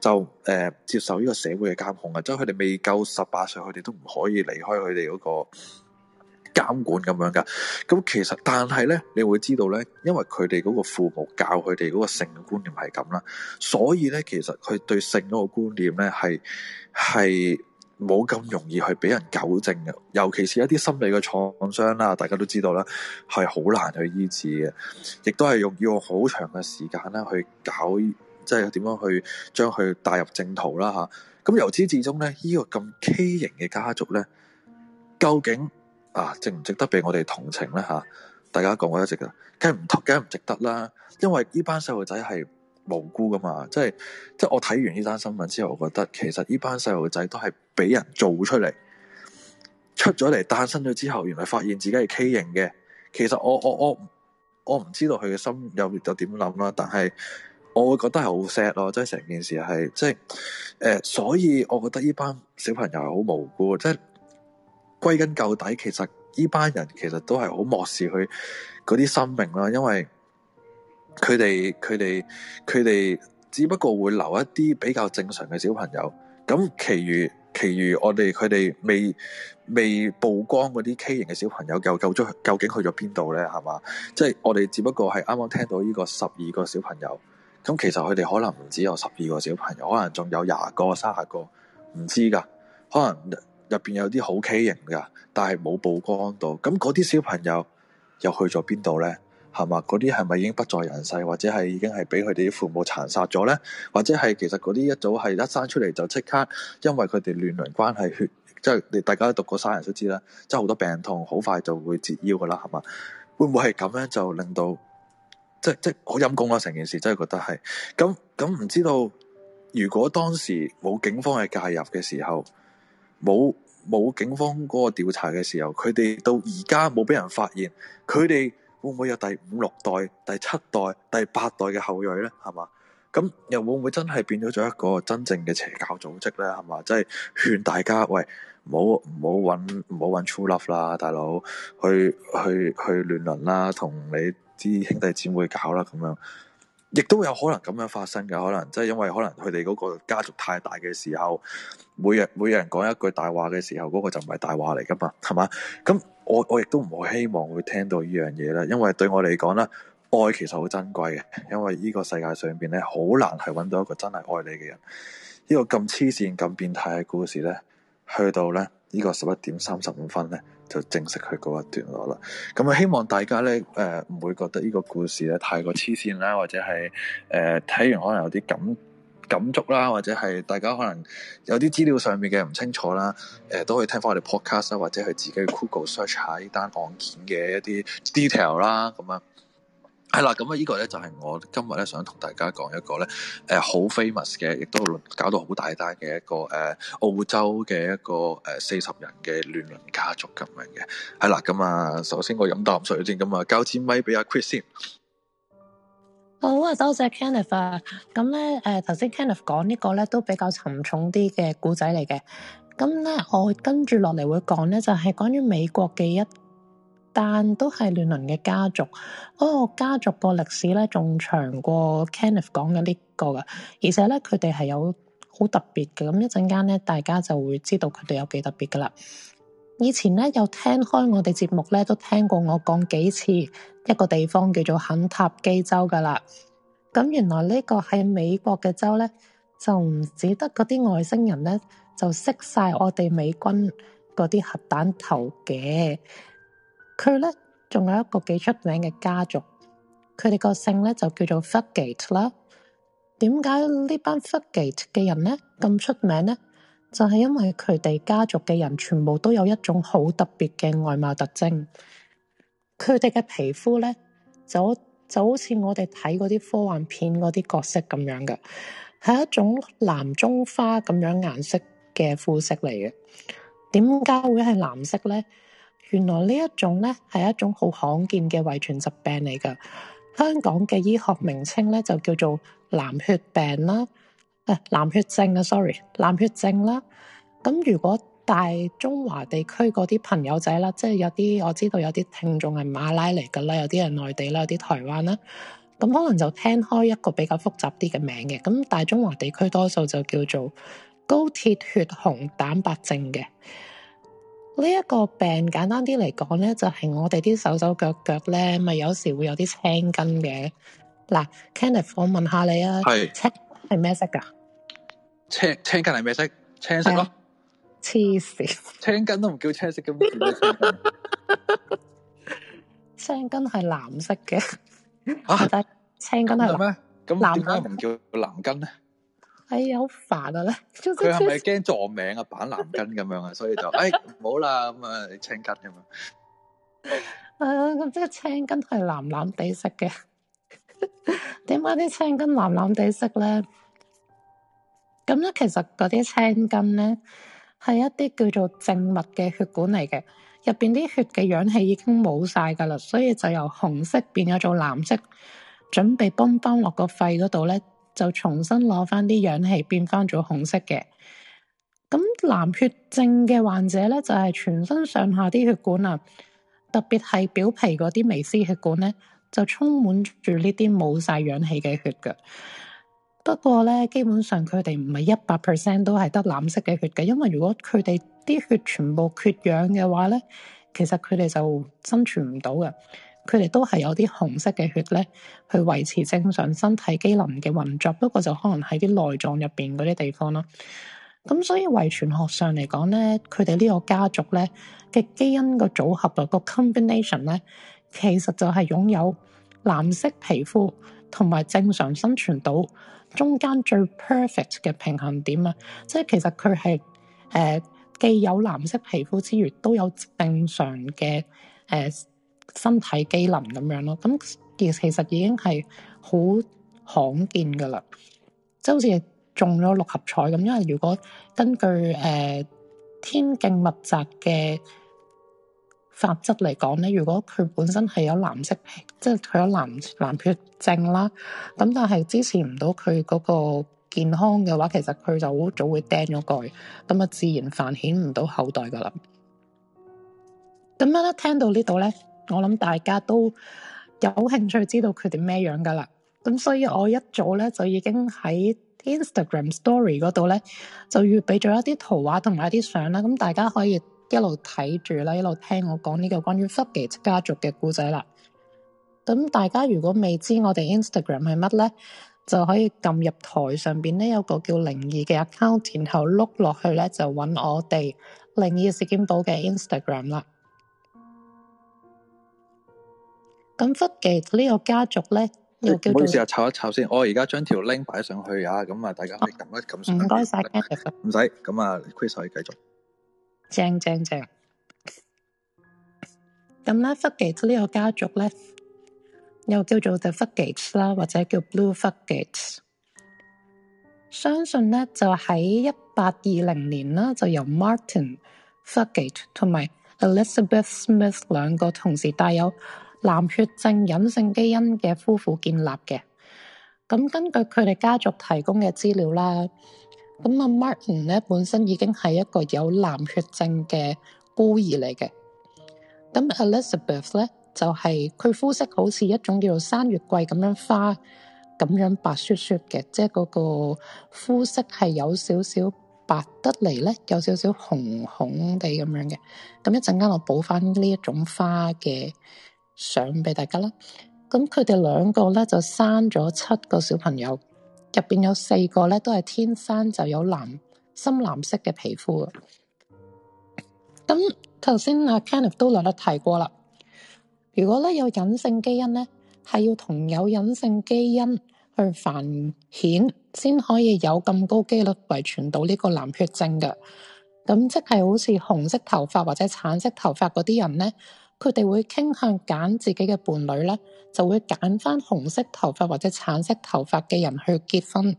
就誒、呃、接受呢個社會嘅監控啊，即係佢哋未夠十八歲，佢哋都唔可以離開佢哋嗰個。監管咁樣噶，咁其實但係咧，你會知道咧，因為佢哋嗰個父母教佢哋嗰個性嘅觀念係咁啦，所以咧其實佢對性嗰個觀念咧係係冇咁容易去俾人糾正嘅，尤其是一啲心理嘅創傷啦，大家都知道啦，係好難去醫治嘅，亦都係用要用好長嘅時間咧去搞，即係點樣去將佢帶入正途啦吓。咁、啊、由始至終咧，呢個咁畸形嘅家族咧，究竟？啊，值唔值得俾我哋同情咧？吓、啊，大家講我一直嘅，梗係唔值，梗唔值得啦。因為呢班細路仔係無辜噶嘛，即係即係我睇完呢單新聞之後，我覺得其實呢班細路仔都係俾人做出嚟，出咗嚟誕生咗之後，原來發現自己係畸形嘅。其實我我我我唔知道佢嘅心有有點諗啦，但係我會覺得係好 sad 咯，即係成件事係即係誒，所以我覺得呢班小朋友係好無辜，即係。歸根究底，其實呢班人其實都係好漠視佢嗰啲生命啦，因為佢哋佢哋佢哋只不過會留一啲比較正常嘅小朋友，咁其餘其餘我哋佢哋未未曝光嗰啲畸形嘅小朋友又究竟究竟去咗邊度呢？係嘛，即係我哋只不過係啱啱聽到呢個十二個小朋友，咁其實佢哋可能唔止有十二個小朋友，可能仲有廿個、三十個，唔知噶，可能。入邊有啲好畸形噶，但係冇曝光到，咁嗰啲小朋友又去咗邊度呢？係嘛？嗰啲係咪已經不在人世，或者係已經係俾佢哋啲父母殘殺咗呢？或者係其實嗰啲一早係一生出嚟，就即刻因為佢哋亂倫關係血，即係大家都讀過生人都知啦，即係好多病痛，好快就會折腰噶啦，係嘛？會唔會係咁樣就令到即係好陰功咯？成件事真係覺得係咁咁，唔知道如果當時冇警方嘅介入嘅時候冇。冇警方嗰個調查嘅時候，佢哋到而家冇俾人發現，佢哋會唔會有第五六代、第七代、第八代嘅後裔咧？係嘛？咁又會唔會真係變咗咗一個真正嘅邪教組織咧？係嘛？即係勸大家喂，唔好唔好揾唔好揾 true love 啦，大佬，去去去亂倫啦，同你啲兄弟姊妹搞啦咁樣。亦都有可能咁樣發生嘅，可能即係因為可能佢哋嗰個家族太大嘅時候，每日每人講一句大話嘅時候，嗰、那個就唔係大話嚟噶嘛，係嘛？咁我我亦都唔會希望會聽到呢樣嘢啦，因為對我嚟講咧，愛其實好珍貴嘅，因為呢個世界上邊咧好難係揾到一個真係愛你嘅人。呢、這個咁黐線、咁變態嘅故事咧，去到咧呢、這個十一點三十五分咧。就正式佢嗰一段落啦。咁啊，希望大家咧，誒、呃、唔會覺得呢個故事咧太過黐線啦，或者係誒睇完可能有啲感感觸啦，或者係大家可能有啲資料上面嘅唔清楚啦，誒、呃、都可以聽翻我哋 podcast 或者去自己嘅 Google search 下呢單案件嘅一啲 detail 啦，咁樣。係啦，咁啊、嗯，嗯這個、呢個咧就係、是、我今日咧想同大家講一個咧，誒、呃，好 famous 嘅，亦都搞到好大單嘅一個誒、呃，澳洲嘅一個誒四十人嘅亂倫家族咁樣嘅。係、嗯、啦，咁、嗯、啊、嗯嗯，首先我飲啖水先，咁、嗯、啊，交支咪俾阿 Chris 先。好啊，多謝 Kenneth 啊。咁、嗯、咧，誒、嗯，頭先 Kenneth 講呢個咧都比較沉重啲嘅古仔嚟嘅。咁咧，我跟住落嚟會講咧，就係、是、關於美國嘅一。但都係亂倫嘅家族，哦，家族個歷史咧仲長過 Kenneth 講嘅呢個噶，而且咧佢哋係有好特別嘅，咁一陣間咧大家就會知道佢哋有幾特別噶啦。以前咧有聽開我哋節目咧，都聽過我講幾次一個地方叫做肯塔基州噶啦。咁原來呢個係美國嘅州咧，就唔止得嗰啲外星人咧就識晒我哋美軍嗰啲核彈頭嘅。佢咧仲有一個幾出名嘅家族，佢哋個姓咧就叫做 Fugate 啦。點解呢班 Fugate 嘅人咧咁出名咧？就係因為佢哋家族嘅人全部都有一種好特別嘅外貌特徵，佢哋嘅皮膚咧就就好似我哋睇嗰啲科幻片嗰啲角色咁樣嘅，係一種藍中花咁樣顏色嘅膚色嚟嘅。點解會係藍色咧？原來呢一種呢，係一種好罕見嘅遺傳疾病嚟㗎，香港嘅醫學名稱呢，就叫做藍血病啦，誒、啊、藍血症啊，sorry 藍血症啦。咁如果大中華地區嗰啲朋友仔啦，即係有啲我知道有啲聽眾係馬拉嚟㗎啦，有啲係內地啦，有啲台灣啦，咁可能就聽開一個比較複雜啲嘅名嘅。咁大中華地區多數就叫做高鐵血紅蛋白症嘅。呢一個病簡單啲嚟講咧，就係、是、我哋啲手手腳腳咧，咪有時會有啲青筋嘅。嗱 Kenneth 我問下你啊，係是，係咩色噶？青青筋係咩色？青色咯。黐線、啊， *laughs* 青筋都唔叫青色嘅。青筋係藍色嘅。吓？ *laughs* *laughs* 得、 *laughs* 啊， *laughs* 青筋係咩？咁點解唔叫藍筋？咧？哎好煩啊！咧，佢係咪驚撞名啊？板藍根咁樣啊，所以就誒，唔好啦，咁啊、嗯，青筋咁樣。 *laughs* 啊，咁即係青筋係藍藍地色嘅。點解啲青筋藍藍地色咧？咁咧，其實嗰啲青筋咧係一啲叫做靜脈嘅血管嚟嘅，入邊啲血嘅氧氣已經冇晒噶啦，所以就由紅色變咗做藍色，準備泵翻落個肺嗰度咧。就重新攞翻啲氧氣變翻咗紅色嘅，咁藍血症嘅患者咧就係全身上下啲血管啊，特別係表皮嗰啲微絲血管咧就充滿住呢啲冇晒氧氣嘅血噶。不過咧，基本上佢哋唔係一百 percent 都係得藍色嘅血嘅，因為如果佢哋啲血全部缺氧嘅話咧，其實佢哋就生存唔到嘅。佢哋都係有啲紅色嘅血咧，去維持正常身體機能嘅運作。不過就可能喺啲內臟入邊嗰啲地方啦。咁所以遺傳學上嚟講咧，佢哋呢個家族咧嘅基因個組合啊，個 combination 咧，其實就係擁有藍色皮膚同埋正常生存到中間最 perfect 嘅平衡點啊！即係其實佢係誒既有藍色皮膚之餘，都有正常嘅誒。呃身體機能咁樣咯，咁其實已經係好罕見噶啦，即係好似中咗六合彩咁。因為如果根據誒、呃、天競物擇嘅法則嚟講咧，如果佢本身係有藍色，即係佢有藍藍血症啦，咁但係支持唔到佢嗰個健康嘅話，其實佢就好早會釘咗蓋，咁啊自然繁衍唔到後代噶啦。咁樣一聽到呢度咧。我諗大家都有興趣知道佢哋咩樣噶啦，咁所以我一早咧就已經喺 Instagram Story 嗰度咧就預備咗一啲圖畫同埋一啲相啦，咁大家可以一路睇住啦，一路聽我講呢個關於 Fugate 家族嘅故仔啦。咁大家如果未知我哋 Instagram 係乜咧，就可以撳入台上邊咧有個叫靈異嘅 account，然後碌落去咧就揾我哋靈異事件簿嘅 Instagram 啦。咁 f u g i 福吉呢個家族咧，又叫做唔好試下抄一抄先。我而家將條 link 擺上去啊，咁啊，大家可以撳一撳先。唔該晒，唔使咁啊，Chris 可以繼續正正正。咁、嗯、咧，福吉呢個家族咧，又叫做 The Fugates 啦，或者叫 Blue Fugates。相信咧就喺一八二零年啦，就由 Martin Fugate 同埋 Elizabeth Smith 兩個同時帶有，藍血症隱性基因嘅夫婦建立嘅。咁，根據佢哋家族提供嘅資料啦，咁阿 Martin 咧本身已經係一個有藍血症嘅孤兒嚟嘅。咁 Elizabeth 咧就係、是、佢膚色好似一種叫做山月桂咁樣花咁樣白雪雪嘅，即係嗰個膚色係有少少白得嚟咧，有少少紅紅地咁樣嘅。咁一陣間我補翻呢一種花嘅。上俾大家啦。咁佢哋兩個咧就生咗七個小朋友，入邊有四個咧都係天生就有藍深藍色嘅皮膚啊。咁頭先阿 Kenneth 都略得提過啦。如果咧有隱性基因咧，係要同有隱性基因去繁衍，先可以有咁高幾率遺傳到呢個藍血症嘅。咁即係好似紅色頭髮或者橙色頭髮嗰啲人咧，佢哋會傾向揀自己嘅伴侶咧，就會揀翻紅色頭髮或者橙色頭髮嘅人去結婚，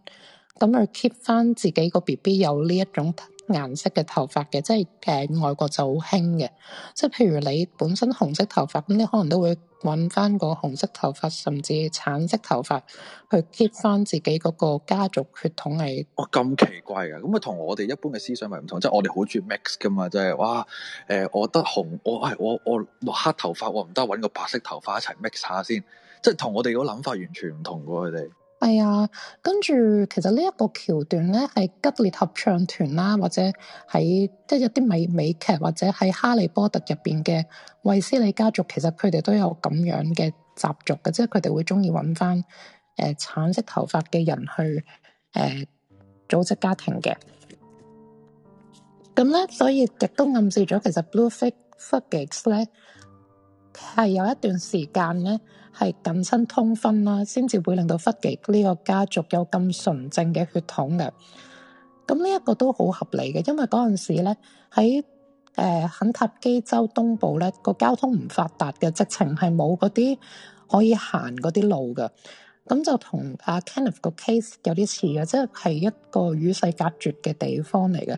咁去 keep 翻自己個 BB 有呢一種。顏色嘅頭髮嘅，即係誒外國就好興嘅，即係譬如你本身紅色頭髮，咁你可能都會揾翻個紅色頭髮，甚至橙色頭髮去 keep 翻自己嗰個家族血統嚟。哦。哇，咁奇怪㗎，咁啊同我哋一般嘅思想咪唔同，即係我哋好中意 mix 噶嘛，即係哇誒，我得紅，我係我我，我黑頭髮，我唔得揾個白色頭髮一齊 mix 下先，即係同我哋嗰諗法完全唔同喎，佢哋。係啊，跟住其實呢一個橋段咧，係吉列合唱團啦，或者喺即係一啲美美劇或者喺哈利波特入邊嘅衛斯理家族，其實佢哋都有咁樣嘅習俗嘅，即係佢哋會中意揾翻誒橙色頭髮嘅人去誒組織家庭嘅。咁咧，所以亦都暗示咗其實 Bluefuge 咧係有一段時間咧。係近親通婚啦，先至會令到忽極呢個家族有咁純正嘅血統嘅。咁呢一個都好合理嘅，因為嗰陣時咧喺誒肯塔基州東部咧個交通唔發達嘅，直情係冇嗰啲可以行嗰啲路嘅。咁就同阿 Kenneth 個 case 有啲似嘅，即係係一個與世隔絕嘅地方嚟嘅。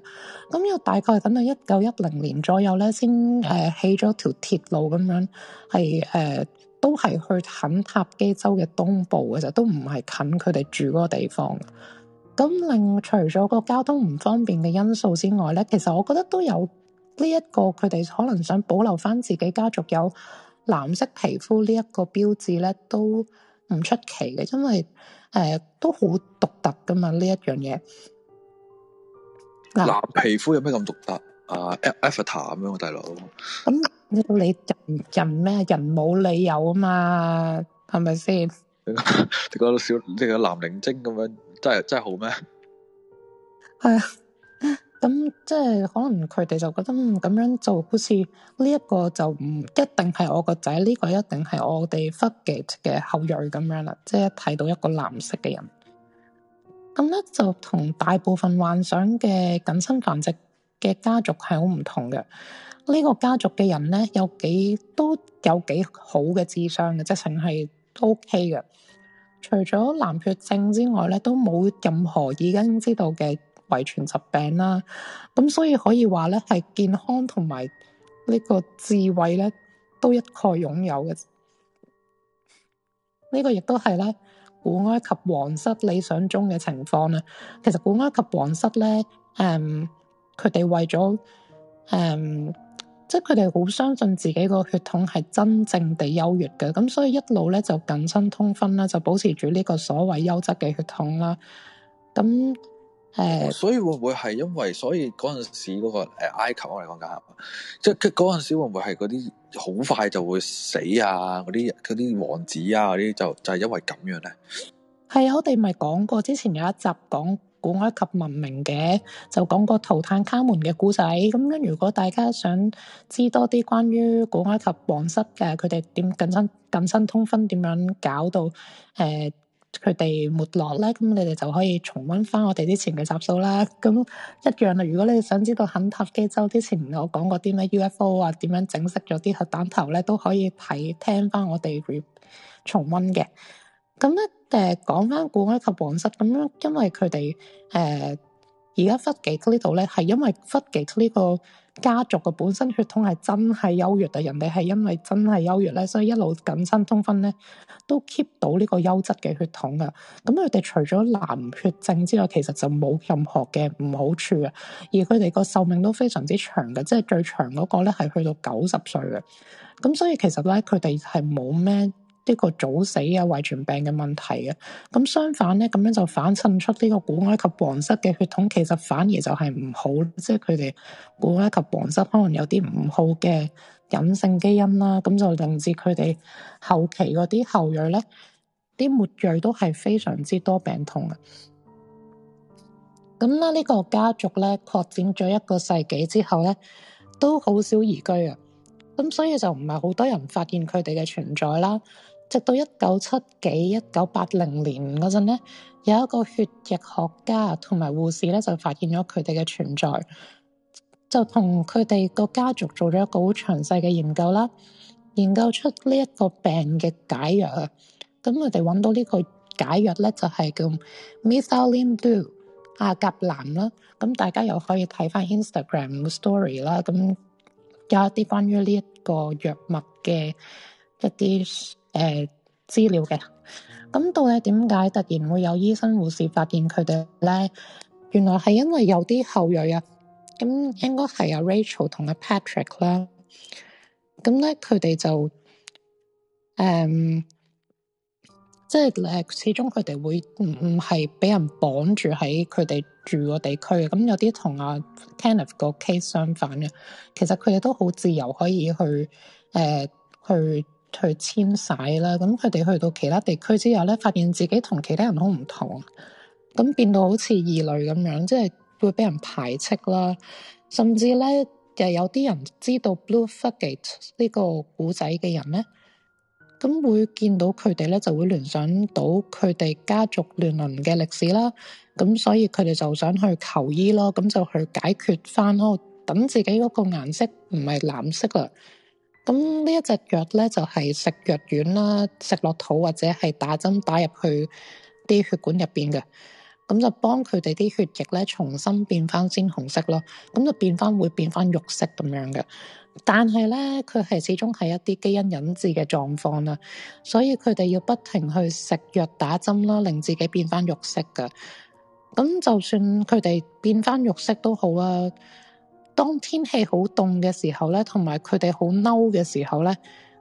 咁要大概等到一九一零年左右咧，先誒起咗條鐵路咁樣係誒。都係去肯塔基州嘅東部嘅，就都唔係近佢哋住嗰個地方。咁另外除咗個交通唔方便嘅因素之外呢，其實我覺得都有呢、這、一個佢哋可能想保留翻自己家族有藍色皮膚呢一個標誌呢，都唔出奇嘅，因為誒、呃、都好獨特噶嘛呢一樣嘢。藍、呃、皮膚有咩咁獨特？啊，Avatar 咁樣，大佬、uh。咁、嗯、你人人咩？人冇理由啊嘛，係咪先？ *laughs* 你覺得小，你個藍靈精咁樣，真係真係好咩？係啊、嗯，咁即係可能佢哋就覺得咁、嗯、樣做好似呢一個就唔一定係我個仔，呢、這個一定係我哋 forget 嘅後裔咁樣啦。即係睇到一個藍色嘅人，咁、嗯、咧就同大部分幻想嘅近親繁殖。嘅家族係好唔同嘅，呢個家族嘅人咧，有幾都有幾好嘅智商嘅，質性係都 OK 嘅。除咗藍血症之外咧，都冇任何已經知道嘅遺傳疾病啦。咁所以可以話咧，係健康同埋呢個智慧咧，都一概擁有嘅。呢個亦都係咧古埃及皇室理想中嘅情況啦。其實古埃及皇室咧，誒、嗯。佢哋為咗，誒、嗯，即係佢哋好相信自己個血統係真正地優越嘅，咁所以一路咧就近親通婚啦，就保持住呢個所謂優質嘅血統啦。咁誒、嗯哦，所以會唔會係因為所以嗰陣時嗰、那個誒、呃、埃及我嚟講緊，即係嗰陣時會唔會係嗰啲好快就會死啊？嗰啲嗰啲王子啊嗰啲就就係、是，因為咁樣咧？係啊，我哋咪講過之前有一集講。古埃及文明嘅就講個圖坦卡門嘅故仔咁樣，如果大家想知多啲關於古埃及皇室嘅佢哋點近親近親通婚，點樣搞到誒佢哋沒落咧，咁你哋就可以重温翻我哋之前嘅集數啦。咁一樣啦，如果你想知道肯塔基州之前我講過啲咩 UFO 啊，點樣整飾咗啲核彈頭咧，都可以睇聽翻我哋重温嘅。咁咧，誒，講翻古埃及皇室咁樣，因為佢哋誒而家 focus 呢度咧，係因為 focus 呢個家族嘅本身血統係真係優越啊！人哋係因為真係優越咧，所以一路近親通婚咧，都 keep 到呢個優質嘅血統啊！咁佢哋除咗藍血症之外，其實就冇任何嘅唔好處啊！而佢哋個壽命都非常之長嘅，即係最長嗰個咧係去到九十歲嘅。咁所以其實咧，佢哋係冇咩。呢個早死啊、遺傳病嘅問題嘅，咁相反咧，咁樣就反襯出呢個古埃及皇室嘅血統，其實反而就係唔好，即係佢哋古埃及皇室可能有啲唔好嘅隱性基因啦，咁就導致佢哋後期嗰啲後裔咧，啲末裔都係非常之多病痛嘅。咁啦，呢個家族咧擴展咗一個世紀之後咧，都好少移居啊，咁所以就唔係好多人發現佢哋嘅存在啦。直到一九七幾一九八零年嗰陣咧，有一個血液學家同埋護士咧，就發現咗佢哋嘅存在，就同佢哋個家族做咗一個好詳細嘅研究啦，研究出呢一個病嘅解藥。咁佢哋揾到呢個解藥咧，就係叫 methylene blue 啊，甲藍啦。咁大家又可以睇翻 Instagram story 啦，咁有一啲關於呢一個藥物嘅一啲。誒、呃、資料嘅，咁到底點解突然會有醫生護士發現佢哋咧？原來係因為有啲後裔啊，咁應該係阿 Rachel 同阿 Patrick 啦。咁咧佢哋就誒，即係誒，始終佢哋會唔唔係俾人綁住喺佢哋住個地區嘅。咁有啲同阿 Kenneth 個 case 相反嘅，其實佢哋都好自由可以去誒、呃、去。去遷徙啦，咁佢哋去到其他地區之後咧，發現自己同其他人好唔同，咁變到好似異類咁樣，即係會俾人排斥啦。甚至咧，又有啲人知道 Blue Fugate 呢個古仔嘅人咧，咁會見到佢哋咧，就會聯想到佢哋家族亂倫嘅歷史啦。咁所以佢哋就想去求醫咯，咁就去解決翻咯，等自己嗰個顏色唔係藍色啦。咁呢一隻藥咧就係食藥丸啦，食落肚或者係打針打入去啲血管入邊嘅，咁就幫佢哋啲血液咧重新變翻鮮紅色咯，咁就變翻會變翻肉色咁樣嘅。但係咧，佢係始終係一啲基因引致嘅狀況啦，所以佢哋要不停去食藥打針啦，令自己變翻肉色嘅。咁就算佢哋變翻肉色都好啦。當天氣好凍嘅時候咧，同埋佢哋好嬲嘅時候咧，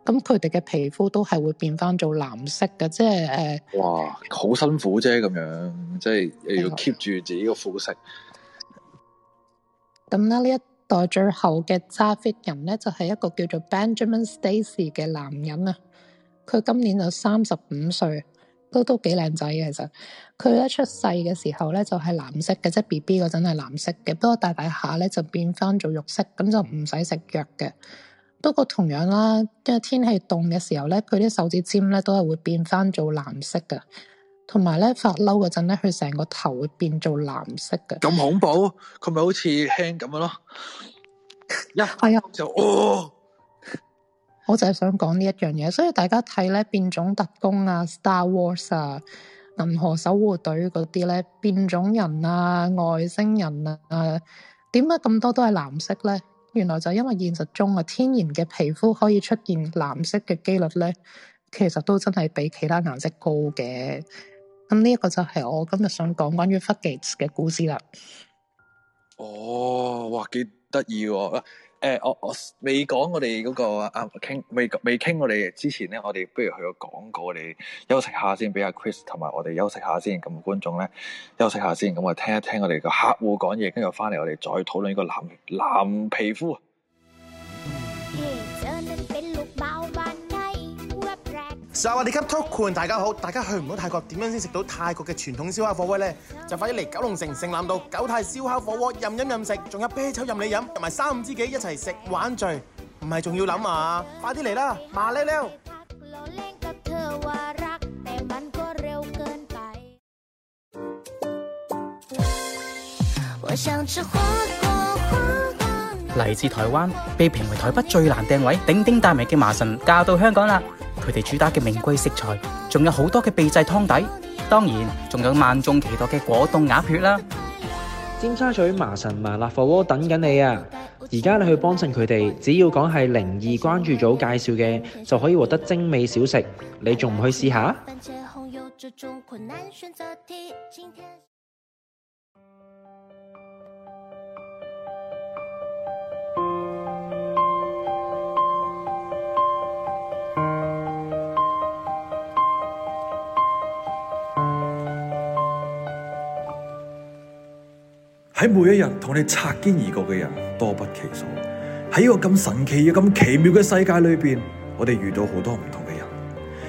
咁佢哋嘅皮膚都係會變翻做藍色嘅，即係誒。哇，好辛苦啫，咁樣即係要 keep 住自己個膚色。咁咧，呢一代最後嘅揸 fit 人咧，就係一個叫做 Benjamin Stacy 嘅男人啊。佢今年就三十五歲。都都幾靚仔嘅其實，佢咧出世嘅時候咧就係藍色嘅，即係 B B 嗰陣係藍色嘅，不過大大下咧就變翻做肉色，咁就唔使食藥嘅。不過同樣啦，因為天氣凍嘅時候咧，佢啲手指尖咧都係會變翻做藍色嘅，同埋咧發嬲嗰陣咧，佢成個頭會變做藍色嘅。咁恐怖，佢咪好似 hang 咁樣咯？一係啊就哦。 *laughs* 我就係想講呢一樣嘢，所以大家睇咧變種特攻啊、Star Wars 啊、銀河守護隊嗰啲咧變種人啊、外星人啊，點解咁多都係藍色咧？原來就因為現實中啊天然嘅皮膚可以出現藍色嘅幾率咧，其實都真係比其他顏色高嘅。咁呢一個就係我今日想講關於 Fugates 嘅故事啦。哦，哇，幾得意喎！誒、呃，我我未講我哋嗰、那個阿傾，未未傾我哋之前咧，我哋不如去個廣告嚟休息下先，Chris, 我哋休息下先，俾阿 Chris 同埋我哋休息下先，咁觀眾咧休息下先，咁我聽一聽我哋個客戶講嘢，跟住翻嚟我哋再討論呢個藍藍，藍皮膚。薩瓦迪卡，大家好，大家去唔到泰國點樣先食到泰國嘅傳統燒烤火鍋呢？就快啲嚟九龍城城南道九泰燒烤火鍋，任飲任食，仲有啤酒任你飲，同埋三五知己一齊食玩聚，唔係仲要諗啊！快啲嚟啦！麻溜溜。來自台灣，被評為台北最難訂位頂頂大名嘅麻神，嫁到香港啦！佢哋主打嘅名貴食材，仲有好多嘅秘製湯底，當然仲有萬眾期待嘅果凍鴨血啦！尖沙咀麻神麻辣火鍋等緊你啊！而家你去幫襯佢哋，只要講係靈異關注組介紹嘅，就可以獲得精美小食。你仲唔去試下？喺每一日同你擦肩而過嘅人多不其數，喺呢個咁神奇、嘅咁奇妙嘅世界裏邊，我哋遇到好多唔同嘅人，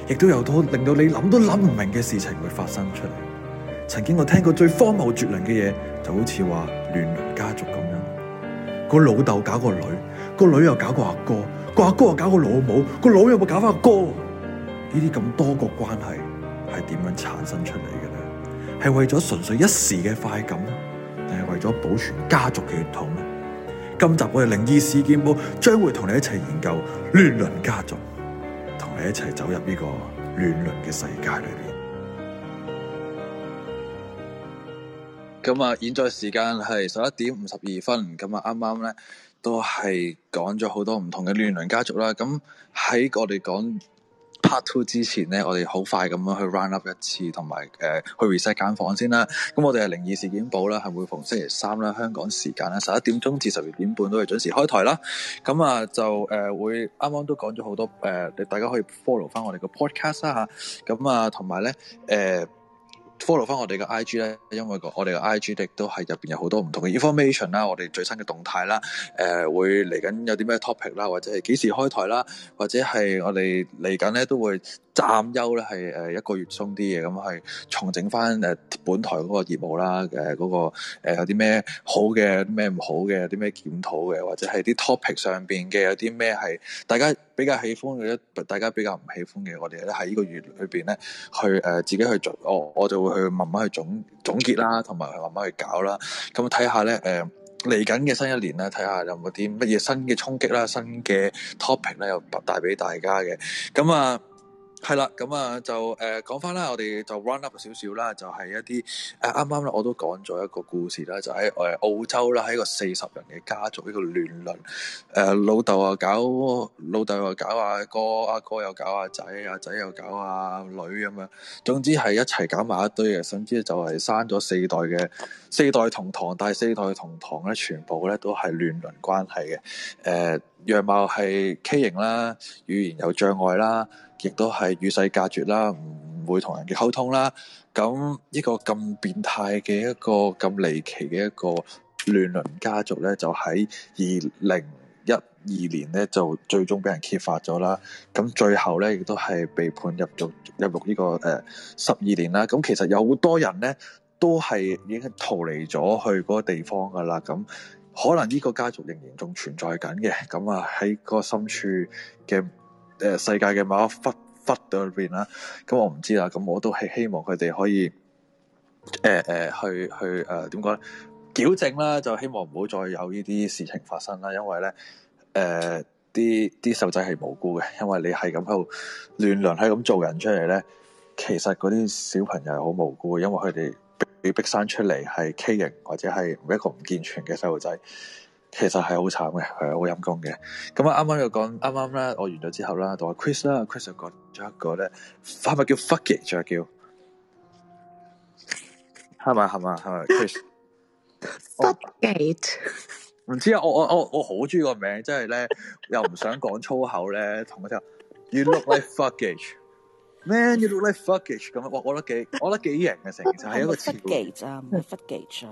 亦都有好多令到你諗都諗唔明嘅事情會發生出嚟。曾經我聽過最荒謬絕倫嘅嘢，就好似話亂倫家族咁樣，個老豆搞個女，個女又搞個阿哥，個阿哥又搞個老母，個老又、個、又咪搞翻阿哥。呢啲咁多個關係係點樣產生出嚟嘅咧？係為咗純粹一時嘅快感？為咗保存家族嘅血統咧，今集我哋靈異事件簿將會同你一齊研究亂倫家族，同你一齊走入呢個亂倫嘅世界裏邊。咁啊，現在時間係十一點五十二分，咁啊，啱啱咧都係講咗好多唔同嘅亂倫家族啦。咁喺我哋講。part two 之前咧，我哋好快咁樣去 round up 一次，同埋誒去 reset 間房間先啦。咁我哋係靈異事件簿啦，係會逢星期三啦，香港時間啦，十一點鐘至十二點半都係準時開台啦。咁啊就誒、呃、會啱啱都講咗好多誒，你、呃、大家可以 follow 翻我哋個 podcast 啦吓，咁啊同埋咧誒。follow 翻我哋嘅 IG 咧，因為個我哋嘅 IG 亦都係入邊有好多唔同嘅 information 啦，我哋最新嘅動態啦，誒、呃、會嚟緊有啲咩 topic 啦，或者係幾時開台啦，或者係我哋嚟緊咧都會。暫休咧，係誒、呃、一個月鬆啲嘢，咁、嗯、去重整翻誒本台嗰個業務啦。誒嗰個有啲咩好嘅，咩唔好嘅，有啲咩檢討嘅，或者係啲 topic 上邊嘅有啲咩係大家比較喜歡嘅，大家比較唔喜歡嘅，我哋咧喺呢個月裏邊咧去誒、呃、自己去做，我、哦、我就會去慢慢去總總結啦，同埋去慢慢去搞啦。咁睇下咧誒嚟緊嘅新一年咧，睇下有冇啲乜嘢新嘅衝擊啦，新嘅 topic 咧又帶俾大家嘅咁、嗯、啊！係啦，咁啊就誒講翻啦，嗯嗯嗯嗯、我哋就 run up 少少啦，就係、是、一啲誒啱啱啦，啊、剛剛我都講咗一個故事啦，就喺、是、誒澳洲啦，喺、啊、一個四十人嘅家族呢個亂倫，誒、啊、老豆、哦、啊搞老豆啊搞阿哥，阿哥又搞阿、啊、仔，阿、啊、仔又搞阿、啊、女咁樣，總之係一齊搞埋一堆嘅，甚至就係生咗四代嘅四代同堂，但係四代同堂咧，全部咧都係亂倫關係嘅，誒、呃、樣貌係畸形啦，語言有障礙啦。亦都係與世隔絕啦，唔會同人嘅溝通啦。咁呢個咁變態嘅一個咁離奇嘅一個亂倫家族咧，就喺二零一二年咧就最終俾人揭發咗啦。咁最後咧亦都係被判入獄入獄呢個誒十二年啦。咁其實有好多人咧都係已經逃離咗去嗰個地方噶啦。咁可能呢個家族仍然仲存在緊嘅。咁啊喺個深處嘅。誒，世界嘅某一忽忽度裏邊啦，咁我唔知啦，咁我都希希望佢哋可以，誒、呃、誒、呃，去去誒，點講咧？矯正啦，就希望唔好再有呢啲事情發生啦，因為咧，誒、呃，啲啲細路仔係無辜嘅，因為你係咁喺度亂倫，係咁做人出嚟咧，其實嗰啲小朋友係好無辜，因為佢哋被逼生出嚟係畸形或者係一個唔健全嘅細路仔。其實係好慘嘅，係好陰功嘅。咁啊，啱啱又講，啱啱啦，我完咗之後啦，同阿 Chris 啦，Chris 就講咗一個咧，係咪叫 fuckage 仲有叫係咪係咪係咪 Chris fuckage，唔知啊，我我我我好中意個名，即係咧又唔想講粗口咧，同佢聽。You look like fuckage *laughs* man, you look like fuckage 咁啊，我我覺得幾，我覺得幾型嘅成，就係、是、一個詞。fuckage 唔係 fuckage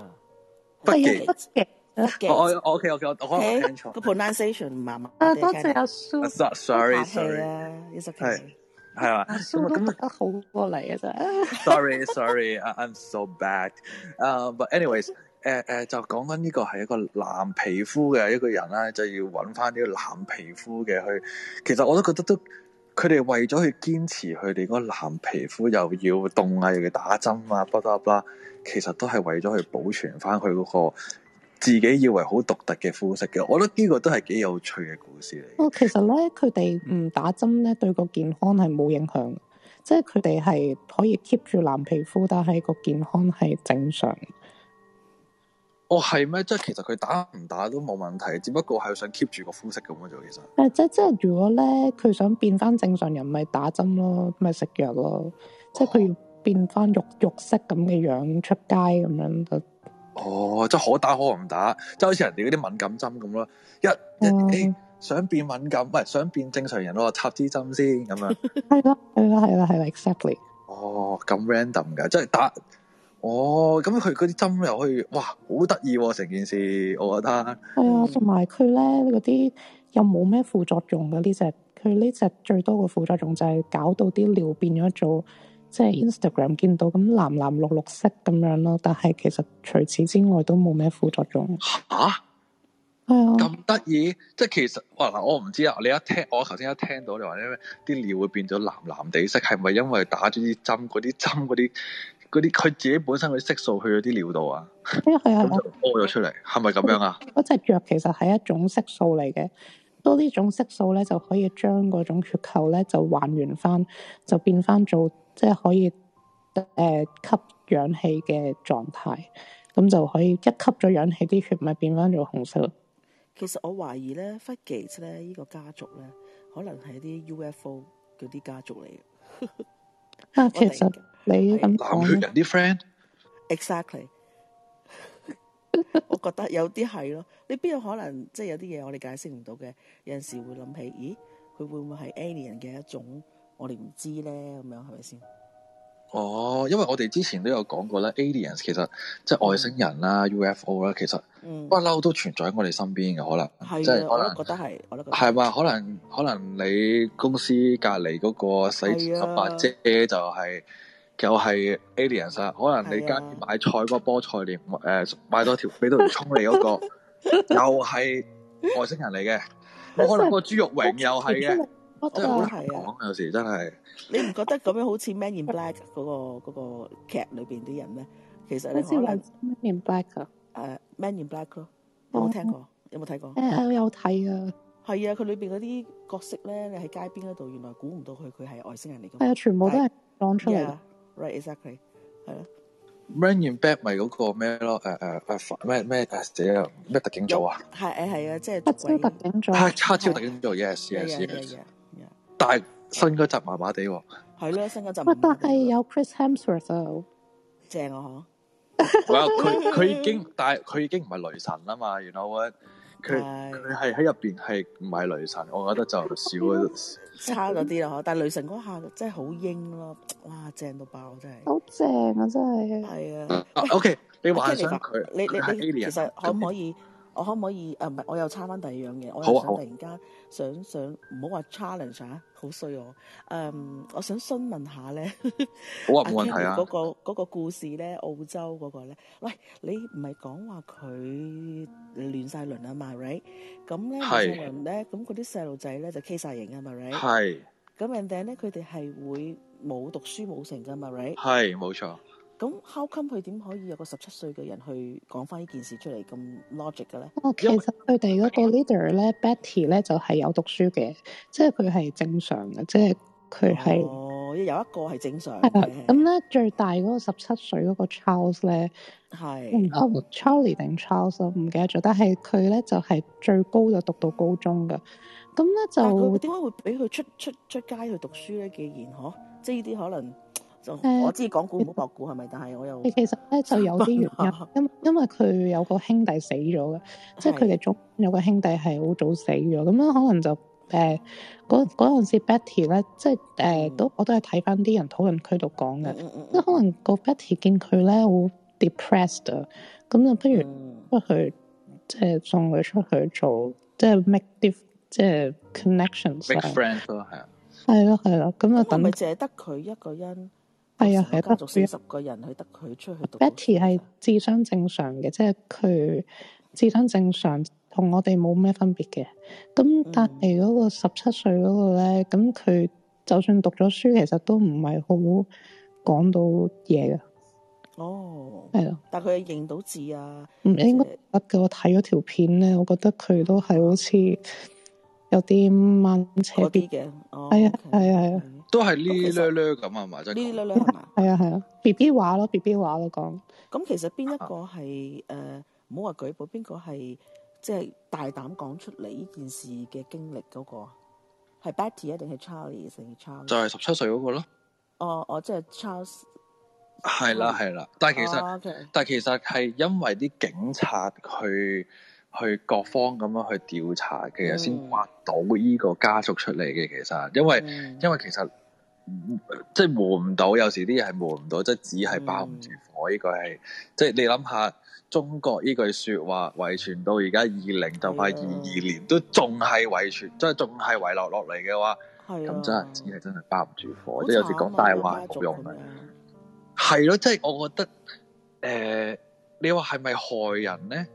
咋我我我 OK OK，我我講清楚個 pronunciation 唔麻麻啊！多謝阿蘇，客氣啦，呢首係係嘛？阿蘇都好過你啊！真係。Sorry Sorry，I'm sorry. sorry. sorry. so bad. uh, anyways, 呃。but anyways，誒誒，就講緊呢個係一個藍皮膚嘅一個人啦，就要揾翻呢個藍皮膚嘅去。其實我都覺得都，佢哋為咗去堅持佢哋嗰個藍皮膚，又要凍啊，又要打針啊，巴啦巴啦，其實都係為咗去保存翻佢嗰個。自己以為好獨特嘅膚色嘅，我覺得呢個都係幾有趣嘅故事嚟。哦，其實咧，佢哋唔打針咧，嗯、對個健康係冇影響，即係佢哋係可以 keep 住藍皮膚，但係個健康係正常。哦，係咩？即係其實佢打唔打都冇問題，只不過係想 keep 住個膚色咁樣啫。其實誒、嗯，即係即係，如果咧佢想變翻正常人，咪打針咯，咪食藥咯，哦、即係佢要變翻肉肉色咁嘅樣，樣出街咁樣。哦，即係可打可唔打，即係好似人哋嗰啲敏感針咁咯，一一你、嗯欸、想變敏感，唔係想變正常人，我插支針先咁樣。係咯， *laughs* 係咯，係咯，係咯，exactly。哦，咁 random 噶，即係打。哦，咁佢嗰啲針又可以，哇，好得意喎，成件事，我覺得。係啊的，同埋佢咧，嗰啲又冇咩副作用噶呢隻，佢呢隻最多嘅副作用就係搞到啲尿變咗做。即係 Instagram 見到咁藍藍綠綠色咁樣咯，但係其實除此之外都冇咩副作用。吓？係啊！咁得意？即係其實哇嗱，我唔知啊。你一聽我頭先一聽到你話咧，啲尿會變咗藍藍地色，係咪因為打咗啲針？嗰啲針嗰啲啲佢自己本身嗰啲色素去咗啲尿度啊？咁啊、哎，屙、哎、咗 *laughs* 出嚟，係咪咁樣啊？嗰隻、哎、藥其實係一種色素嚟嘅，多啲種色素咧就可以將嗰種血球咧就還原翻，就變翻做。即係可以誒、呃、吸氧氣嘅狀態，咁就可以一吸咗氧氣，啲血咪變翻做紅色咯。其實我懷疑咧 Fugate 咧呢，呢、這個家族咧，可能係啲 UFO 嗰啲家族嚟嘅。 *laughs* 啊，其實你咁，藍血人啲 friend，exactly， *laughs* *laughs* 我覺得有啲係咯。你邊有可能即係有啲嘢我哋解釋唔到嘅？有陣時會諗起，咦，佢會唔會係 alien 嘅一種？我哋唔知咧，咁樣係咪先？哦，因為我哋之前都有講過咧，aliens 其實即係外星人啦，UFO 啦，其實不嬲都存在喺我哋身邊嘅可能，即係可能覺得係，我覺得係嘛，可能可能你公司隔籬嗰個洗十八車就係又係 aliens 啊，可能你街買菜嗰個菠菜連誒買多條俾到你沖你嗰個又係外星人嚟嘅，可能個豬肉榮又係嘅。真係啊！講有時真係，你唔覺得咁樣好似《Man in Black》嗰個嗰個劇裏邊啲人咩？其實你知唔知《Man in Black》誒，《Man in Black》咯，有冇聽過？有冇睇過？誒，我有睇啊，係啊，佢裏邊嗰啲角色咧，你喺街邊嗰度，原來估唔到佢佢係外星人嚟嘅。係啊，全部都係裝出嚟。Right exactly，係啊。《Man in Black》咪嗰個咩咯？誒誒咩咩？特警組啊？係誒係啊，即係黑超特警組。係黑超特警組 yes yes。但係新嗰集麻麻地喎，係咯新嗰集，但係有 Chris Hemsworth 正啊嗬，佢佢已經但係佢已經唔係雷神啦嘛，然後我佢佢係喺入邊係唔係雷神，我覺得就少, okay, 少，少差咗啲咯，但係雷神嗰下真係好英咯，哇正到爆真係，好正啊真係，係啊，OK *laughs* 你玩想佢， *laughs* 你你你其實可唔可以？ *laughs* 我可唔可以？誒唔係，我又差翻第二樣嘢。我又想突然間想想，唔好話 challenge 嚇，好衰我。誒，我想詢問下咧，嗰個嗰個故事咧，澳洲嗰個咧，喂，你唔係講話佢亂曬倫啊嘛？Ray，咁咧，澳洲人咧，咁嗰啲細路仔咧就畸曬型啊嘛？Ray，係。咁 ending 咧，佢哋係會冇讀書冇成㗎嘛？Ray，係冇錯。咁 How come 佢點可以有個十七歲嘅人去講翻呢件事出嚟咁 logic 嘅咧？哦，其實佢哋嗰個 leader 咧，Betty 咧就係有讀書嘅，即係佢係正常嘅，即係佢係哦，有一個係正常嘅。咁咧，最大嗰個十七歲嗰個 Charles 咧的，係哦，Charlie 定 Charles 我唔記得咗，但係佢咧就係最高就讀到高中嘅。咁咧就點解會俾佢出出出街去讀書咧？既然嗬，即係呢啲可能。我知講古冇博古係咪？但係我又，其實咧就有啲原因，因為因為佢有個兄弟死咗嘅，即係佢哋仲有個兄弟係好早死咗，咁樣可能就誒嗰嗰陣時 Betty 咧，即係誒都我都係睇翻啲人討論區度講嘅，即可能個 Betty 見佢咧好 depressed，啊，咁就不如不佢即係送佢出去做即係 make 啲即係 connections Big friend 咯啊，係咯，係咯，咁、嗯嗯、就等咪淨係得佢一個人。係啊，係得少十個人去得佢出去讀。Betty 係智商正常嘅， *noise* 即係佢智商正常，同我哋冇咩分別嘅。咁但係嗰個十七歲嗰個咧，咁佢就算讀咗書，其實都唔係好講到嘢嘅。哦，係咯的。但係佢係認到字啊？唔應該得嘅。就是、我睇嗰條片咧，我覺得佢都係好似有啲掹斜啲嘅。哦，係、oh, 啊、okay.，係啊，係啊。都係呢呢呢咁啊嘛，真係呢呢呢，係啊係啊，B B 話咯，B B 話咯講。咁其實邊一個係誒？唔好話舉報邊個係，即、就、係、是、大膽講出嚟呢件事嘅經歷嗰、嗰個係 Betty，一定係 Charlie 成定 Charlie 就係十七歲嗰個咯。哦哦，即係 Charles。係啦係啦，啦哦、但其實、哦 okay. 但其實係因為啲警察去去各方咁樣去調查，其實先挖到依個家族出嚟嘅。其實因為因為其實。嗯嗯、即係瞞唔到，有時啲嘢係瞞唔到，即係紙係包唔住火。呢句係即係你諗下，中國呢句說話遺傳到而家二零就快二二年，的都仲係遺傳，即係仲係遺留落嚟嘅話，咁的真係紙係真係包唔住火，啊、即係有時講大話冇用嘅。係咯，即係我覺得誒、呃，你話係咪害人咧？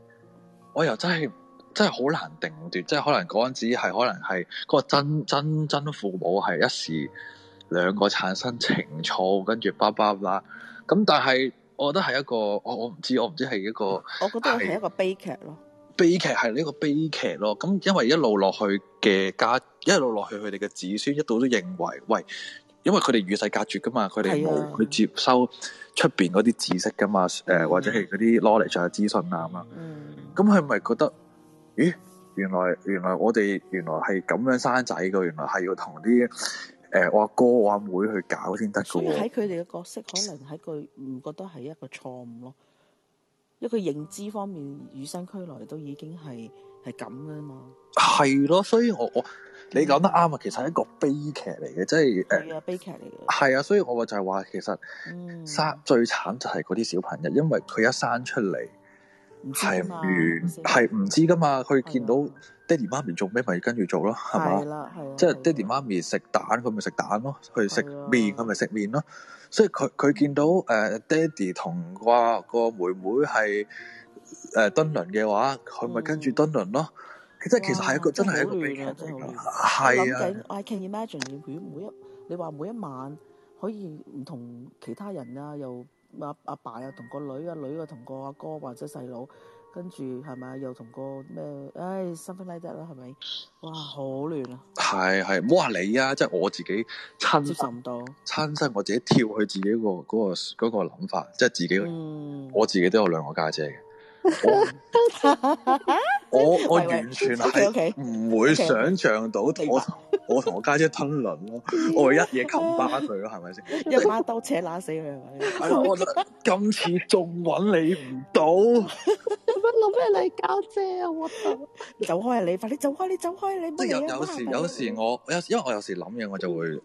我又真係真係好難定斷，即係可能嗰陣時係可能係嗰個真真真父母係一時。兩個產生情愫，跟住叭叭啦，咁但係，我覺得係一個，我我唔知，我唔知係一個，我覺得係一個悲劇咯。悲劇係呢個悲劇咯。咁因為一路落去嘅家，一路落去佢哋嘅子孫，一度都認為，喂，因為佢哋與世隔絕噶嘛，佢哋冇去接收出邊嗰啲知識噶嘛，誒、啊呃、或者係嗰啲 knowledge 啊資訊啊咁啊。咁佢咪覺得，咦，原來原來我哋原來係咁樣生仔噶，原來係要同啲。誒、呃，我阿哥我阿妹去搞先得嘅。喺佢哋嘅角色，可能喺佢唔覺得係一個錯誤咯，因為佢認知方面與生俱來都已經係係咁噶啦嘛。係咯，所以我我你講得啱啊，其實係一個悲劇嚟嘅，即係誒、嗯呃、悲劇嚟嘅。係啊，所以我話就係話，其實生最慘就係嗰啲小朋友，因為佢一生出嚟。係唔係，係唔知噶嘛？佢見到爹哋媽咪做咩，咪跟住做咯，係嘛？即係爹哋媽咪食蛋，佢咪食蛋咯；佢食麵，佢咪食麵咯。所以佢佢見到誒爹哋同個個妹妹係誒敦倫嘅話，佢咪跟住敦倫咯。即係其實係一個真係一個悲劇嚟㗎。係啊，I can imagine 每一，你話每一晚可以唔同其他人啊又。阿阿爸,爸又同個女，阿女又同個阿哥或者細佬，跟住係咪又同個咩？唉、哎，新婚來得啦，係咪？哇，好亂啊！係係，唔好話你啊，即係我自己親身唔到，親身我自己跳去自己個嗰個嗰個諗法，即係自己，我自己都有兩個家姐嘅。我我完全係唔會想象到我 okay, okay. Okay. 我同我家姐，姐亂倫咯，我會一夜冚巴佢咯，係咪先？一把刀扯乸死佢，係咪先？係我我覺得今次仲搵你唔到，搵到咩你家姐啊？我走開你，快你走開你走開你！即有有時有時我有時因為我有時諗嘢，我就會即、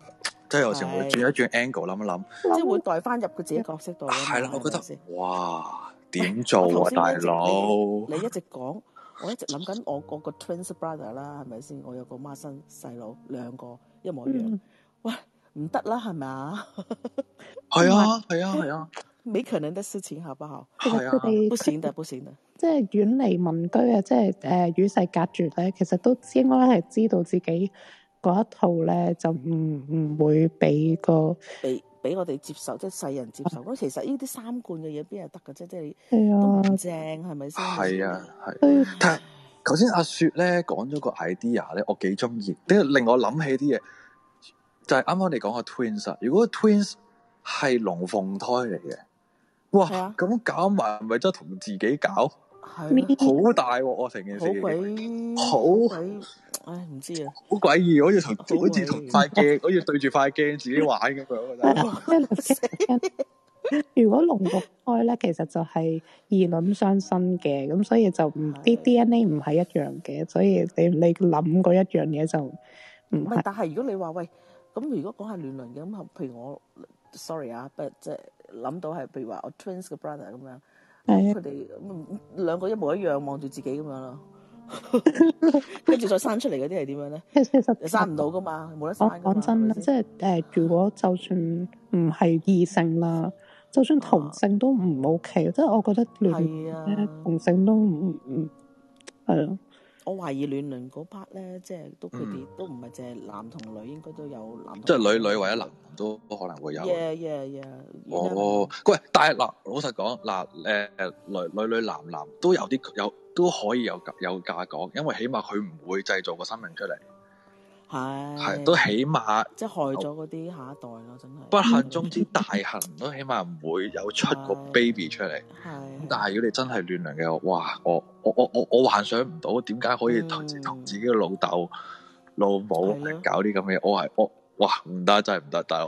即係、有時會轉一轉 angle 諗一諗，即係會代翻入佢自己角色度。係啦、嗯嗯，我覺得哇，點 *laughs* 做啊大佬？你一直講。我一直諗緊我我個，個 twins brother 啦，係咪先？我有個孖生細佬，兩個一模一樣。嗯、喂，唔得啦，係咪 *laughs* 啊？係啊，係啊，係啊，沒可能的事情，好不好？係啊，啊唔得，他唔得即係遠離民居啊，即係誒、呃、與世隔絕咧。其實都應該係知道自己嗰一套咧，就唔唔會俾個。俾我哋接受，即係世人接受。咁其實呢啲三罐嘅嘢邊係得嘅啫，即係都唔咁正，係咪先？係啊，係、啊。哎、呀但係頭先阿雪咧講咗個 idea 咧，我幾中意，呢個令我諗起啲嘢，就係啱啱你講個 twins 啊。如果 twins 係龍鳳胎嚟嘅，哇，咁、啊、搞埋咪即同自己搞？好大喎、啊！我成件事好鬼，好，鬼、哎，唉唔知啊，好詭異，好似同好似同塊鏡，好似 *laughs* 對住塊鏡自己玩咁樣啊！如果龍鳳胎咧，其實就係異卵雙生嘅，咁所以就唔啲的 DNA 唔係一樣嘅，所以你你諗過一樣嘢就唔係。但係如果你話喂，咁如果講係亂倫嘅，咁啊，譬如我，sorry 啊，but 即係諗到係，譬如話我 twins 嘅 brother 咁樣。係佢哋兩個一模一樣望住自己咁樣咯，跟住再生出嚟嗰啲係點樣咧？生唔到㗎嘛，冇得生。講真啦吧、呃，即係誒，如果就算唔係異性啦，就算同性都唔 OK、啊、即係我覺得連的同性都唔唔係咯。我懷疑亂倫嗰 part 咧，即係都佢哋、嗯、都唔係淨係男同女，應該都有男同女。即係女女或者男男都都可能會有。yeah yeah yeah，哦，喂，但係嗱，老實講嗱，誒、呃、女女女男男都有啲有都可以有有嫁講，因為起碼佢唔會製造個新人出嚟。係，係都起碼即係害咗嗰啲下一代咯，真係不幸中之大幸，都起碼唔會有出個 baby 出嚟。係但係如果你真係亂嚟嘅話，哇！我我我我我幻想唔到點解可以同自己嘅、嗯、老豆老母搞啲咁嘅，我係我哇唔得，真係唔得，大佬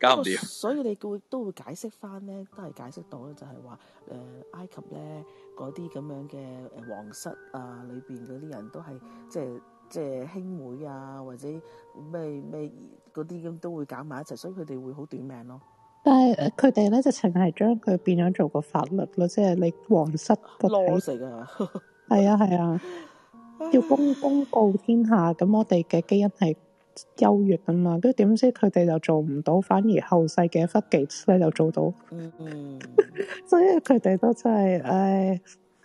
搞唔掂。 *laughs* 不上 所以你會都會解釋翻咧，都係解釋到咧，就係話誒埃及咧嗰啲咁樣嘅誒皇室啊裏邊嗰啲人都係即係。即係兄妹啊，或者咩咩嗰啲咁，都會搞埋一齊，所以佢哋會好短命咯。但係誒、佢哋咧就淨係將佢變咗做個法律咯，嗯、即係你皇室嘅傳承啊。係啊係啊，啊 *laughs* 要公公布天下，咁我哋嘅基因係優越噶嘛，咁點知佢哋就做唔到，反而後世嘅科技咧就做到。嗯嗯、 *laughs* 所以佢哋都真係唉。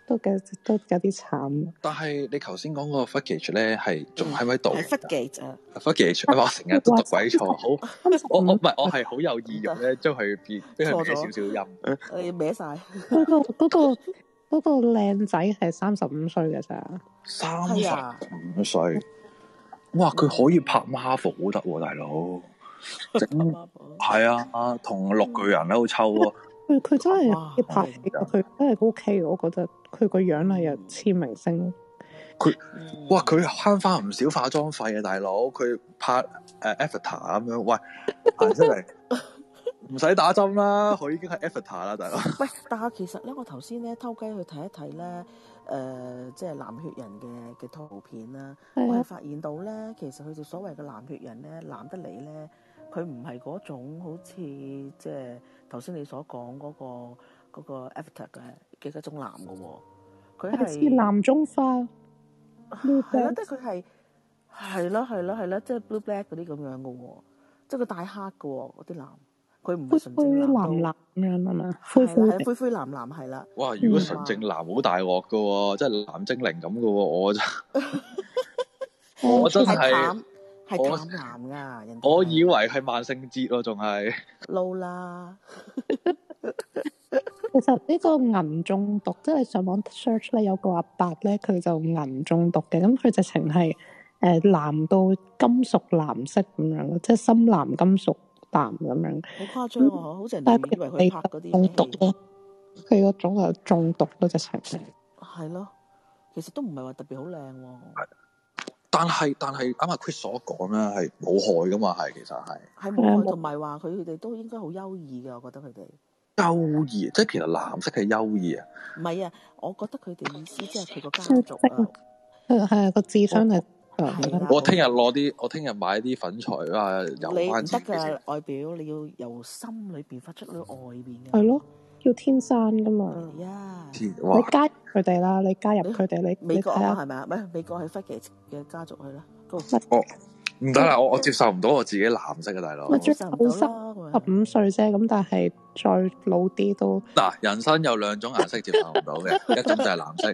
都都有啲慘 *noise* ，但係你頭先講個 fudge 咧係仲喺咪度 f u d g e 啊，fudge，成日都讀鬼錯。好，我我唔係，我係好有意欲咧將佢變，將佢變少少音。你歪晒嗰個嗰個嗰個靚仔係三十五歲嘅咋？三十五歲，哇！佢可以拍 Marvel 都得，啊，大佬。整係 *noise* *noise* 啊，啊，同綠巨人喺度抽啊！佢佢真係拍戲，佢真係 OK，我覺得佢個樣係有似明星。佢、嗯、哇，佢慳翻唔少化妝費啊，大佬！佢拍誒、uh, Avatar 咁樣，喂，哎、真係唔使打針啦，佢已經係 Avatar 啦，大佬。喂，但係其實咧，我頭先咧偷雞去睇一睇咧，誒、呃，即係藍血人嘅嘅圖片啦，的我係發現到咧，其實佢哋所謂嘅藍血人咧，藍得嚟咧。佢唔係嗰種好似即係頭先你所講嗰、嗰個嗰、嗰個 Avatar、e、嘅幾多種藍嘅喎，佢係似藍中花，係啊，blue black 啊，即係佢係係啦係啦係啦，即係 blue black 嗰啲咁樣嘅喎，即係個大黑嘅喎嗰啲藍，佢唔灰灰藍藍咁樣啊嘛，灰灰灰灰藍藍係啦。哇，如果純正藍好大鑊嘅喎，即係藍精靈咁嘅喎，我真 *laughs* *laughs* 我真係。係橄欖噶，我以為係萬聖節咯，仲係撈啦。其實呢個銀中毒，即係上網 search 咧，有個阿伯咧，佢就銀中毒嘅。咁佢直情係誒藍到金屬藍色咁樣，即係深藍金屬淡咁樣。好誇張喎，好似係，但係佢以為佢嗰啲中毒咯，佢個種係中毒咯，直情係咯。其實都唔係話特別好靚喎，啊。 *laughs* 但係但係，啱啱 Chris 所講咧係冇害噶嘛，係其實係。係冇害，同埋話佢哋都應該好優異嘅，我覺得佢哋優異，的即係其實藍色係優異啊。唔係啊，我覺得佢哋意思即係佢個家族啊，係個智商係。我聽日攞啲，我聽日買啲粉彩啊，油翻先。你唔得噶外表，你要由心裏邊發出去外面嘅。係咯。要天生噶嘛？天，mm, yeah. 你加佢哋啦，你加入佢哋，你美國啊，係咪啊？咩、哦？美國係 f u d 嘅家族去啦。乜？唔得啦！我我接受唔到我自己藍色嘅大佬。我接受唔到十五歲啫，咁但係再老啲都嗱，人生有兩種顏色接受唔到嘅， *laughs* 一種就係藍色。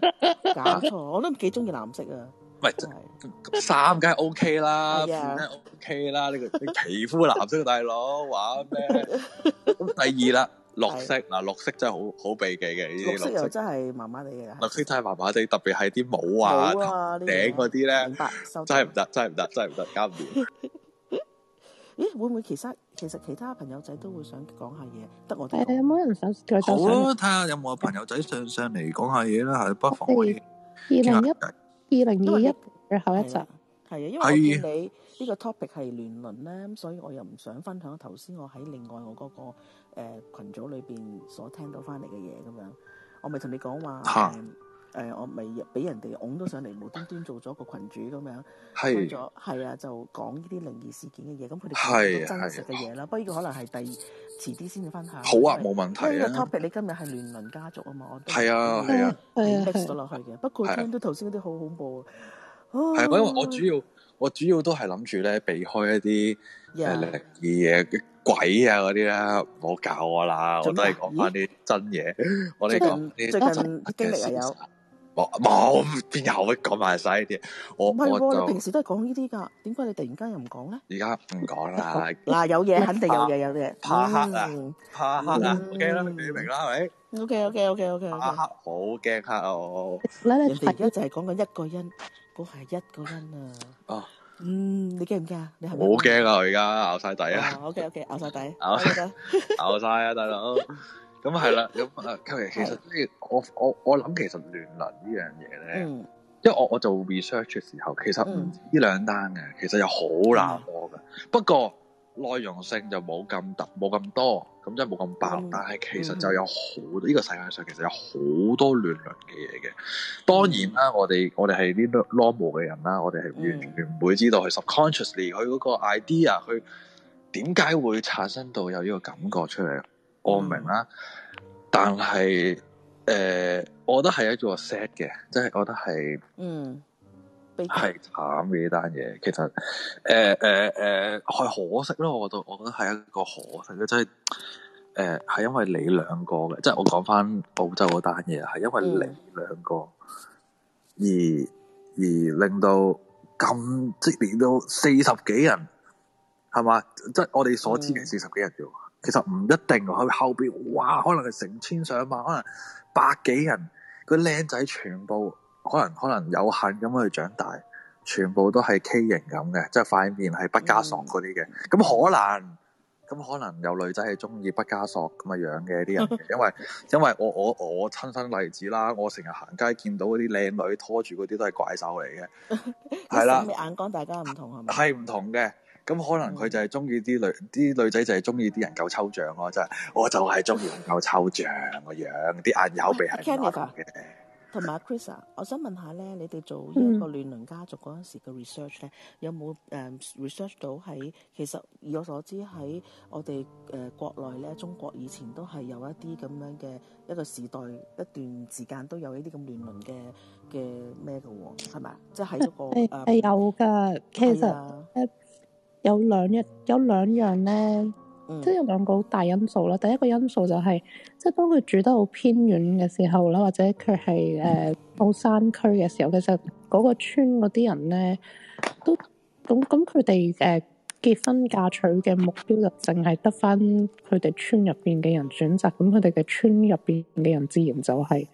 搞錯我都幾中意藍色啊。喂，真係衫，梗係 OK 啦，褲 OK 啦，呢個皮膚藍色嘅大佬玩咩？咁 *laughs* 第二啦。綠色嗱、呃，綠色真係好好避忌嘅。綠色，綠色又真係麻麻地嘅。綠色太麻麻地，特別係啲帽啊、頂嗰啲咧，真係唔得，真係唔得，真係唔得，搞唔掂。咦？會唔會其實其實其他朋友仔都會想講下嘢？ *laughs* 得我睇講。 *laughs* 啊、看看有冇人想？好啦，睇下有冇朋友仔上上嚟講下嘢啦，係不妨。二零 2021, 2021, 一，二零二一最後一集。係啊，因為你呢個 topic 係亂倫咧，所以我又唔想分享。頭先我喺另外我嗰、那個。誒、呃、群組裏邊所聽到翻嚟嘅嘢咁樣，我咪同你講話誒我咪俾人哋擁到上嚟，無端端做咗個群主咁樣，開咗係啊，就講呢啲靈異事件嘅嘢，咁佢哋係真實嘅嘢啦。不過呢個可能係第遲啲先至分享，好啊，冇問題啦、啊。topic 你今日係亂倫家族啊嘛，我都係 *laughs* 啊係啊 t e n t 咗落去嘅。不過、啊、 *laughs* 聽到頭先嗰啲好恐怖 *laughs* 啊，係啊，因為我主要。我主要都係諗住咧避開一啲靈異嘢嘅鬼啊嗰啲啦，唔好教我啦，我都係講翻啲真嘢。我哋講最近經歷啊有冇冇邊有講埋晒呢啲？我唔係喎，你平時都係講呢啲噶，點解你突然間又唔講咧？而家唔講啦，嗱有嘢肯定有嘢有嘢。怕黑啊，怕黑啊 OK 啦，你明啦係咪？OK OK OK OK。怕黑好驚黑我。人哋而家就係講緊一個人。嗰係一個人啊！哦，oh. 嗯，你驚唔驚啊？你係咪好驚啊？我而家咬晒底啊、oh,！OK OK，咬晒底，咬晒啊大佬，咁係啦，咁 *noise* 啊，其 *noise* *noise* 實其實即係我我我諗其實亂倫呢樣嘢咧，因為我我，我, właści, 因為我，我做 research 嘅時候，其實呢兩單嘅其實又好難過噶，不過內容性就冇咁突，冇咁多。咁真係冇咁白，嗯、但係其實就有好多。呢、嗯、個世界上其實有好多亂倫嘅嘢嘅。當然啦，嗯、我哋我哋係呢啲 normal 嘅人啦，我哋係完全唔會知道佢 subconsciously 佢嗰個 idea，佢點解會產生到有呢個感覺出嚟我唔明啦，嗯、但係誒、呃，我覺得係一個 sad 嘅，即係我覺得係嗯。係慘嘅呢單嘢，其實誒誒誒，係、呃呃呃、可惜咯。我覺得我覺得係一個可惜嘅，即係誒係因為你兩個嘅，即係我講翻澳洲嗰單嘢，係因為你兩個、嗯、而而令到咁即係連到四十幾人，係嘛？即係我哋所知嘅四十幾人啫，嗯、其實唔一定。佢後邊哇，可能係成千上萬，可能百幾人，個靚仔全部。可能可能有限咁去長大，全部都係畸形咁嘅，即係塊面係不加索嗰啲嘅。咁、嗯、可能咁可能有女仔係中意不加索咁嘅樣嘅啲人嘅， *laughs* 因為因為我我我親身例子啦，我成日行街見到嗰啲靚女拖住嗰啲都係怪獸嚟嘅，係 *laughs* 啦。 *laughs* 你你眼光大家唔同係咪？係唔同嘅，咁可能佢就係中意啲女啲、嗯、女仔就係中意啲人夠抽象咯，即、就、係、是、我就係中意唔夠抽象嘅樣，啲眼耳口鼻係硬嘅。 *laughs* 同埋 Chris、啊、我想問下咧，你哋做一個亂倫家族嗰陣時嘅 research 咧，有冇誒 research 到，喺其實以我所知喺我哋誒國內咧，中國以前都係有一啲咁樣嘅一個時代一段時間都有呢啲咁亂倫嘅嘅咩嘅喎，係咪啊？即係喺嗰個誒有㗎，嗯、其實誒有兩日有兩樣咧。嗯、即係有兩個好大因素啦，第一個因素就係、是，即係當佢住得好偏遠嘅時候啦，或者佢係誒到山區嘅時候，其實嗰個村嗰啲人咧，都咁咁佢哋誒結婚嫁娶嘅目標就淨係得翻佢哋村入邊嘅人選擇，咁佢哋嘅村入邊嘅人自然就係、是。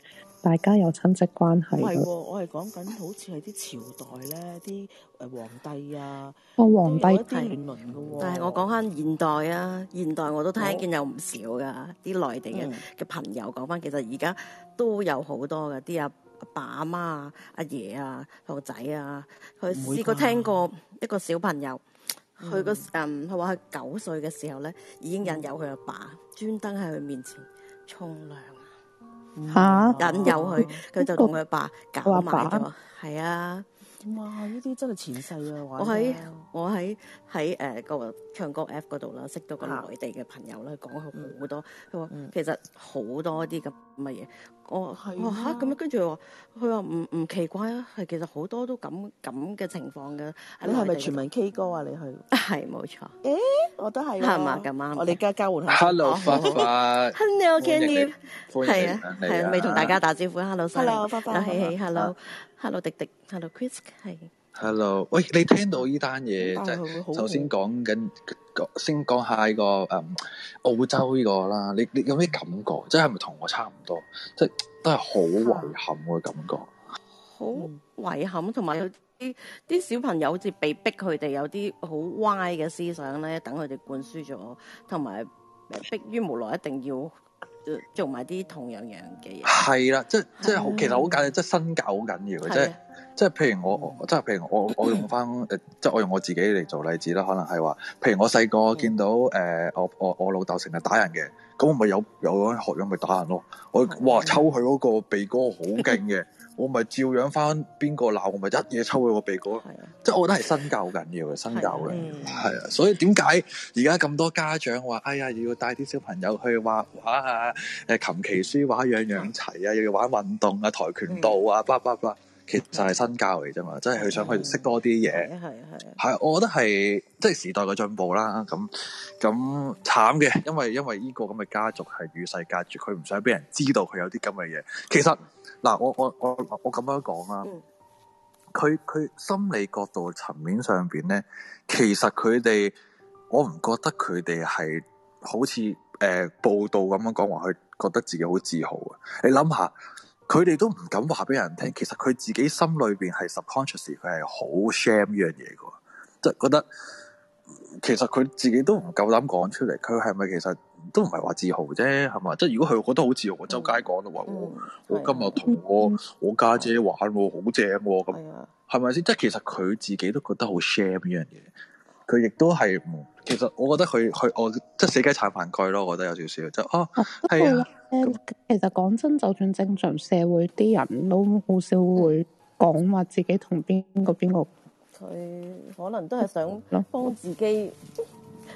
大家有親戚關係，唔係喎， *noise* 哦、我係講緊好似係啲朝代咧，啲誒皇帝啊，個皇帝都有啲亂倫噶喎。但係我講翻現代啊，現代我都聽見有唔少噶，啲內地嘅嘅朋友講翻，其實而家都有好多噶，啲阿阿爸阿媽啊、阿爺啊、個仔啊，佢試過聽過一個小朋友，佢個嗯，佢話佢九歲嘅時候咧，已經引誘佢阿爸專登喺佢面前沖涼。吓，嗯啊、引誘佢，佢就同佢阿爸搞埋咗，係爸啊。哇！呢啲真係前世啊！我喺我喺喺誒個唱歌 F 嗰度啦，識到個內地嘅朋友咧，講佢好多，佢話其實好多啲咁乜嘢。我話嚇，咁跟住佢話，佢話唔唔奇怪啊，係其實好多都咁咁嘅情況嘅。你係咪全民 K 歌啊？你去？係冇錯。誒，我都係。係嘛咁啱？我哋而家交換下。Hello，Hello，Candy。係啊，係啊，未同大家打招呼。Hello，Hello，Hello。hello 迪迪，hello Chris 係、yes.。hello，喂，喂你聽到呢單嘢就好，首先講緊，嗯、先講下呢個誒澳洲呢、呢個啦。你你有咩感覺？即係咪同我差唔多？即係都係好遺憾嘅感覺。好遺憾，同埋有啲啲小朋友好似被逼佢哋有啲好歪嘅思想咧，等佢哋灌輸咗，同埋逼於無奈一定要。做埋啲同樣樣嘅嘢，係啦， *noise* 即即好，其實好簡單，即身教好緊要嘅， *noise* 即即譬如我， *noise* 我，即譬如我，我用翻，即我用我自己嚟做例子啦，可能係話，譬如我細個見到誒、 *noise* 呃，我我我老豆成日打人嘅。咁我咪有有嗰啲學樣咪打人咯！我 *music* 哇抽佢嗰個鼻哥好勁嘅，我咪照樣翻，邊個鬧我咪一嘢抽佢個鼻哥。即係我覺得係身教緊要嘅，身教嘅係啊。所以點解而家咁多家長話：哎呀，要帶啲小朋友去畫畫啊、誒琴棋書畫樣樣齊啊，又要玩運動啊、跆拳道啊、啪啪啪。 *music* 」嗯其實就係新教嚟啫嘛，即係佢想佢識多啲嘢，係，係，係，係，我覺得係，即係時代嘅進步啦。咁，咁慘嘅，因為因為呢個咁嘅家族係與世隔絕，佢唔想俾人知道佢有啲咁嘅嘢。其實嗱，我我我我咁樣講啦，佢佢心理角度層面上邊咧，其實佢哋，我唔覺得佢哋係好似誒、呃、報道咁樣講話，佢覺得自己好自豪啊。你諗下。佢哋都唔敢話俾人聽，其實佢自己心裏邊係 subconscious，佢係好 shame 呢樣嘢噶，即係覺得其實佢自己都唔夠膽講出嚟。佢係咪其實都唔係話自豪啫？係嘛？即係如果佢覺得好自豪，我周街講到話我我今日同我、嗯、我家姐，姐玩，哦，好正咁，係咪先？即係其實佢自己都覺得好 shame 呢樣嘢。佢亦都係，其實我覺得佢佢我即係死雞撐飯蓋咯。我覺得有少少，即係哦係啊。其實講真，就算正常社會啲人都好少會講話自己同邊個邊個。佢、嗯、誰可能都係想幫自己、嗯、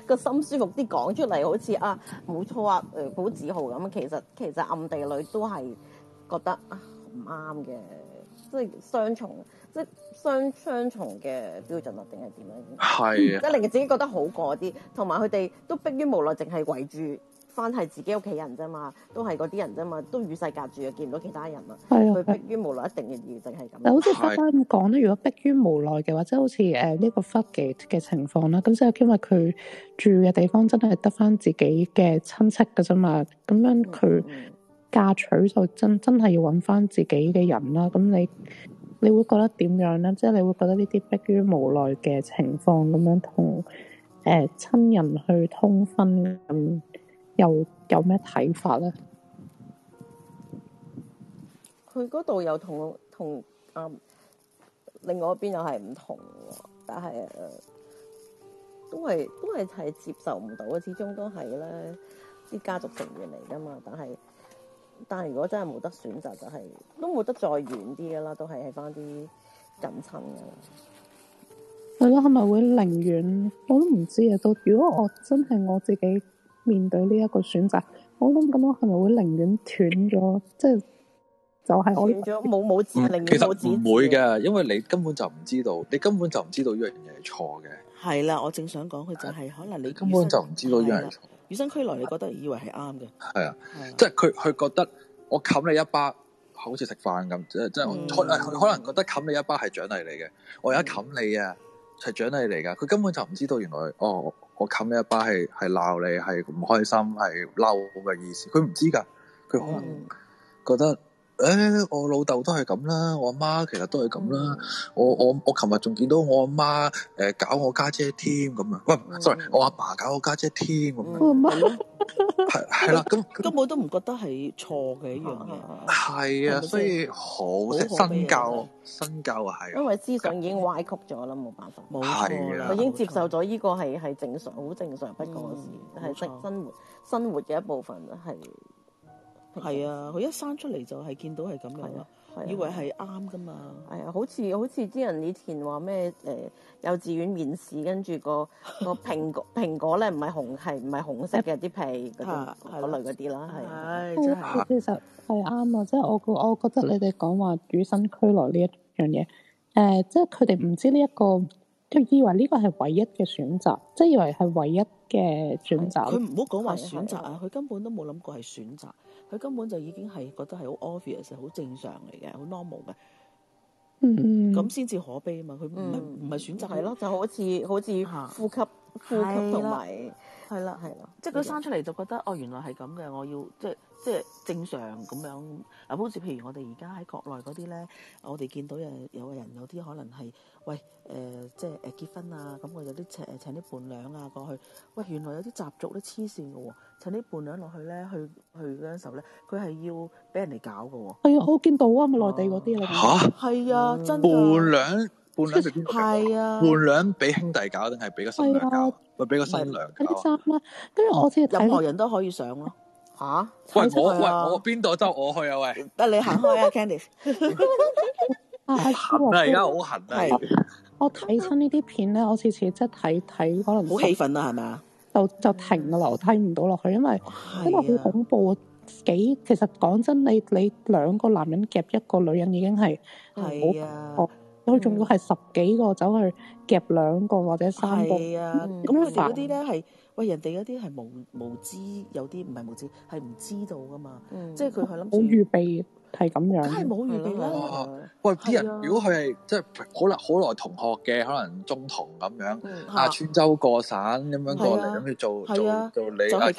個心舒服啲，講出嚟好似啊冇錯啊，好、啊呃、自豪咁。其實其實暗地裏都係覺得唔啱嘅，即係雙重即係雙雙重嘅標準定係點樣，係啊、即係令自己覺得好過啲，同埋佢哋都迫於無奈，淨係圍住。翻係自己屋企人啫嘛，都係嗰啲人啫嘛，都與世隔絕啊，見唔到其他人啊，係啊，佢迫於無奈一定嘅嘢，淨係咁。但好似啱啱咁講咧，如果迫於無奈嘅話，即係好似誒呢個 Fugate 嘅情況咧，咁即係因為佢住嘅地方真係得翻自己嘅親戚嘅啫嘛，咁樣佢嫁娶就真真係要揾翻自己嘅人啦。咁你你會覺得點樣咧？即係你會覺得呢啲迫於無奈嘅情況咁樣同誒親人去通婚咁？又有有咩睇法咧？佢嗰度又同同啊，另外一邊又係唔同，但係都係都係係接受唔到嘅，始終都係呢啲家族成員嚟噶嘛。但係但係如果真係冇得選擇，就是，就係都冇得再遠啲噶啦，都係喺翻啲近親嘅啦。係咯，嗯，係咪會寧願？我都唔知啊。都如果我真係我自己。面對呢一個選擇，我諗咁樣係咪會寧願斷咗？即係就係我斷咗，冇冇錢，其實唔會嘅，因為你根本就唔知道，你根本就唔知道呢樣嘢係錯嘅。係啦，我正想講，佢就係可能你根本就唔知道呢樣係錯，與生俱來你覺得以為係啱嘅。係啊的的，即係佢佢覺得我冚你一巴，好似食飯咁，即係即係佢可能覺得冚你一巴係獎勵你嘅，我而家冚你啊係獎勵你嚟噶，佢根本就唔知道原來哦。我冚一巴係係鬧你係唔開心係嬲噉嘅意思，佢唔知噶，佢可能覺得。誒，我老豆都係咁啦，我阿媽其實都係咁啦，我我我琴日仲見到我阿媽誒搞我家姐添咁啊，喂 sorry 我阿爸搞我家姐添咁樣，係係啦，咁根本都唔覺得係錯嘅一樣嘢，係啊，所以好識新教。新教啊係，因為思想已經歪曲咗啦，冇辦法，冇錯，已經接受咗呢個係係正常，好正常不過事，係生生活生活嘅一部分係。係啊！佢一生出嚟就係見到係咁樣咯，以為係啱噶嘛。係啊，好似好似啲人以前話咩誒幼稚園面試，跟住個個蘋果蘋果咧，唔係紅係唔係紅色嘅啲皮嗰種果類嗰啲啦。係，其實係啱啊！即係我我覺得你哋講話與生俱來呢一樣嘢誒，即係佢哋唔知呢一個，即以為呢個係唯一嘅選擇，即係以為係唯一嘅選擇。佢唔好講話選擇啊！佢根本都冇諗過係選擇。佢根本就已經係覺得係好 obvious，好正常嚟嘅，好 normal 嘅，咁先至可悲啊嘛！佢唔係唔係選擇係咯，就好似好似呼吸 Huh. 呼吸同埋。係啦，係啦，即係佢生出嚟就覺得哦，原來係咁嘅，我要即係即係正，正常咁樣。啊，好似譬如我哋而家喺國內嗰啲咧，我哋見到有有個人有啲可能係，喂誒、呃，即係誒結婚啊，咁我有啲請誒請啲伴娘啊過去。喂，原來有啲習俗都黐線嘅喎，請啲伴娘落去咧，去去嗰陣時候咧，佢係要俾人哋搞嘅喎。係啊，我見到啊，咪內地嗰啲啊。嚇！係啊，真係伴娘。係啊，伴娘俾兄弟搞定，係俾個新娘搞，咪俾個新娘。啲衫啦，跟住我知，任何人都可以上咯。嚇？喂，我喂，我邊度得我去啊？喂，得你行開啊，Candice。我而家好痕啊。我睇親呢啲片咧，我次次即係睇睇，可能好氣憤啦，係咪啊？就就停個樓梯唔到落去，因為因為好恐怖啊！幾其實講真，你你兩個男人夾一個女人已經係係啊。佢仲要係十幾個走去夾兩個或者三個，係啊！咁佢哋嗰啲咧係喂人哋嗰啲係無無知，有啲唔係無知，係唔知道㗎嘛。即係佢係諗好預備，係咁樣。梗係冇預備啦！喂，啲人如果佢係即係可能好耐同學嘅，可能中同咁樣啊，穿州過省咁樣過嚟，諗住做做做你啊，就係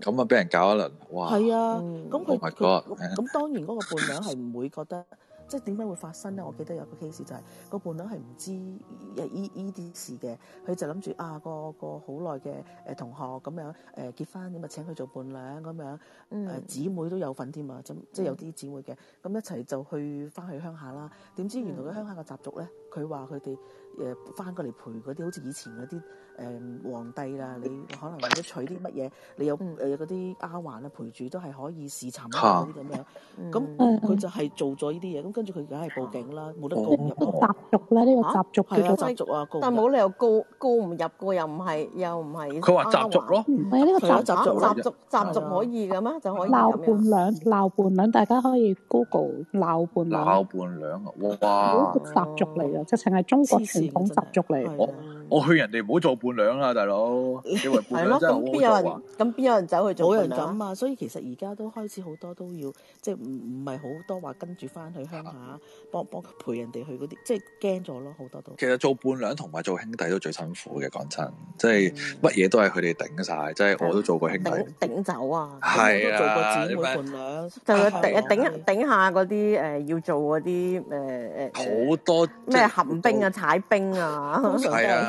咁啊，俾人搞一輪哇！係啊，咁佢佢咁當然嗰個伴侶係唔會覺得。即係點解會發生咧？我記得有個 case 就係、是呃啊、個伴娘係唔知誒依依啲事嘅，佢就諗住啊個個好耐嘅誒同學咁樣誒結婚，咁咪請佢做伴娘咁樣誒姊妹都有份添啊！咁即係有啲姊妹嘅，咁、嗯、一齊就去翻去鄉下啦。點知原來佢鄉下嘅習俗咧，佢話佢哋誒翻過嚟陪嗰啲好似以前嗰啲。誒皇帝啦，你可能為咗娶啲乜嘢，你有誒嗰啲丫鬟啊陪住都係可以侍寢下啲咁樣。咁佢就係做咗呢啲嘢。咁跟住佢而梗係報警啦，冇得告唔入。呢個習俗啦，呢個習俗嘅習俗啊，但冇理由告告唔入個又唔係又唔係。佢話習俗咯，唔係呢個習習習俗，習俗可以嘅咩？就可以鬧伴娘，鬧伴娘，大家可以 Google 鬧伴娘。鬧伴娘啊！哇，習俗嚟嘅，直情係中國傳統習俗嚟。我去人哋唔好做伴娘啊大佬，做係好咯，咁邊有人？咁邊有人走去做伴娘啊？嘛，所以其實而家都開始好多都要，即係唔唔係好多話跟住翻去鄉下幫幫陪人哋去嗰啲，即係驚咗咯，好多都。其實做伴娘同埋做兄弟都最辛苦嘅，講真，即係乜嘢都係佢哋頂晒，即係我都做過兄弟，頂走啊，係啊，做過姊妹伴娘，就係頂下嗰啲誒，要做嗰啲誒誒，好多咩含冰啊、踩冰啊。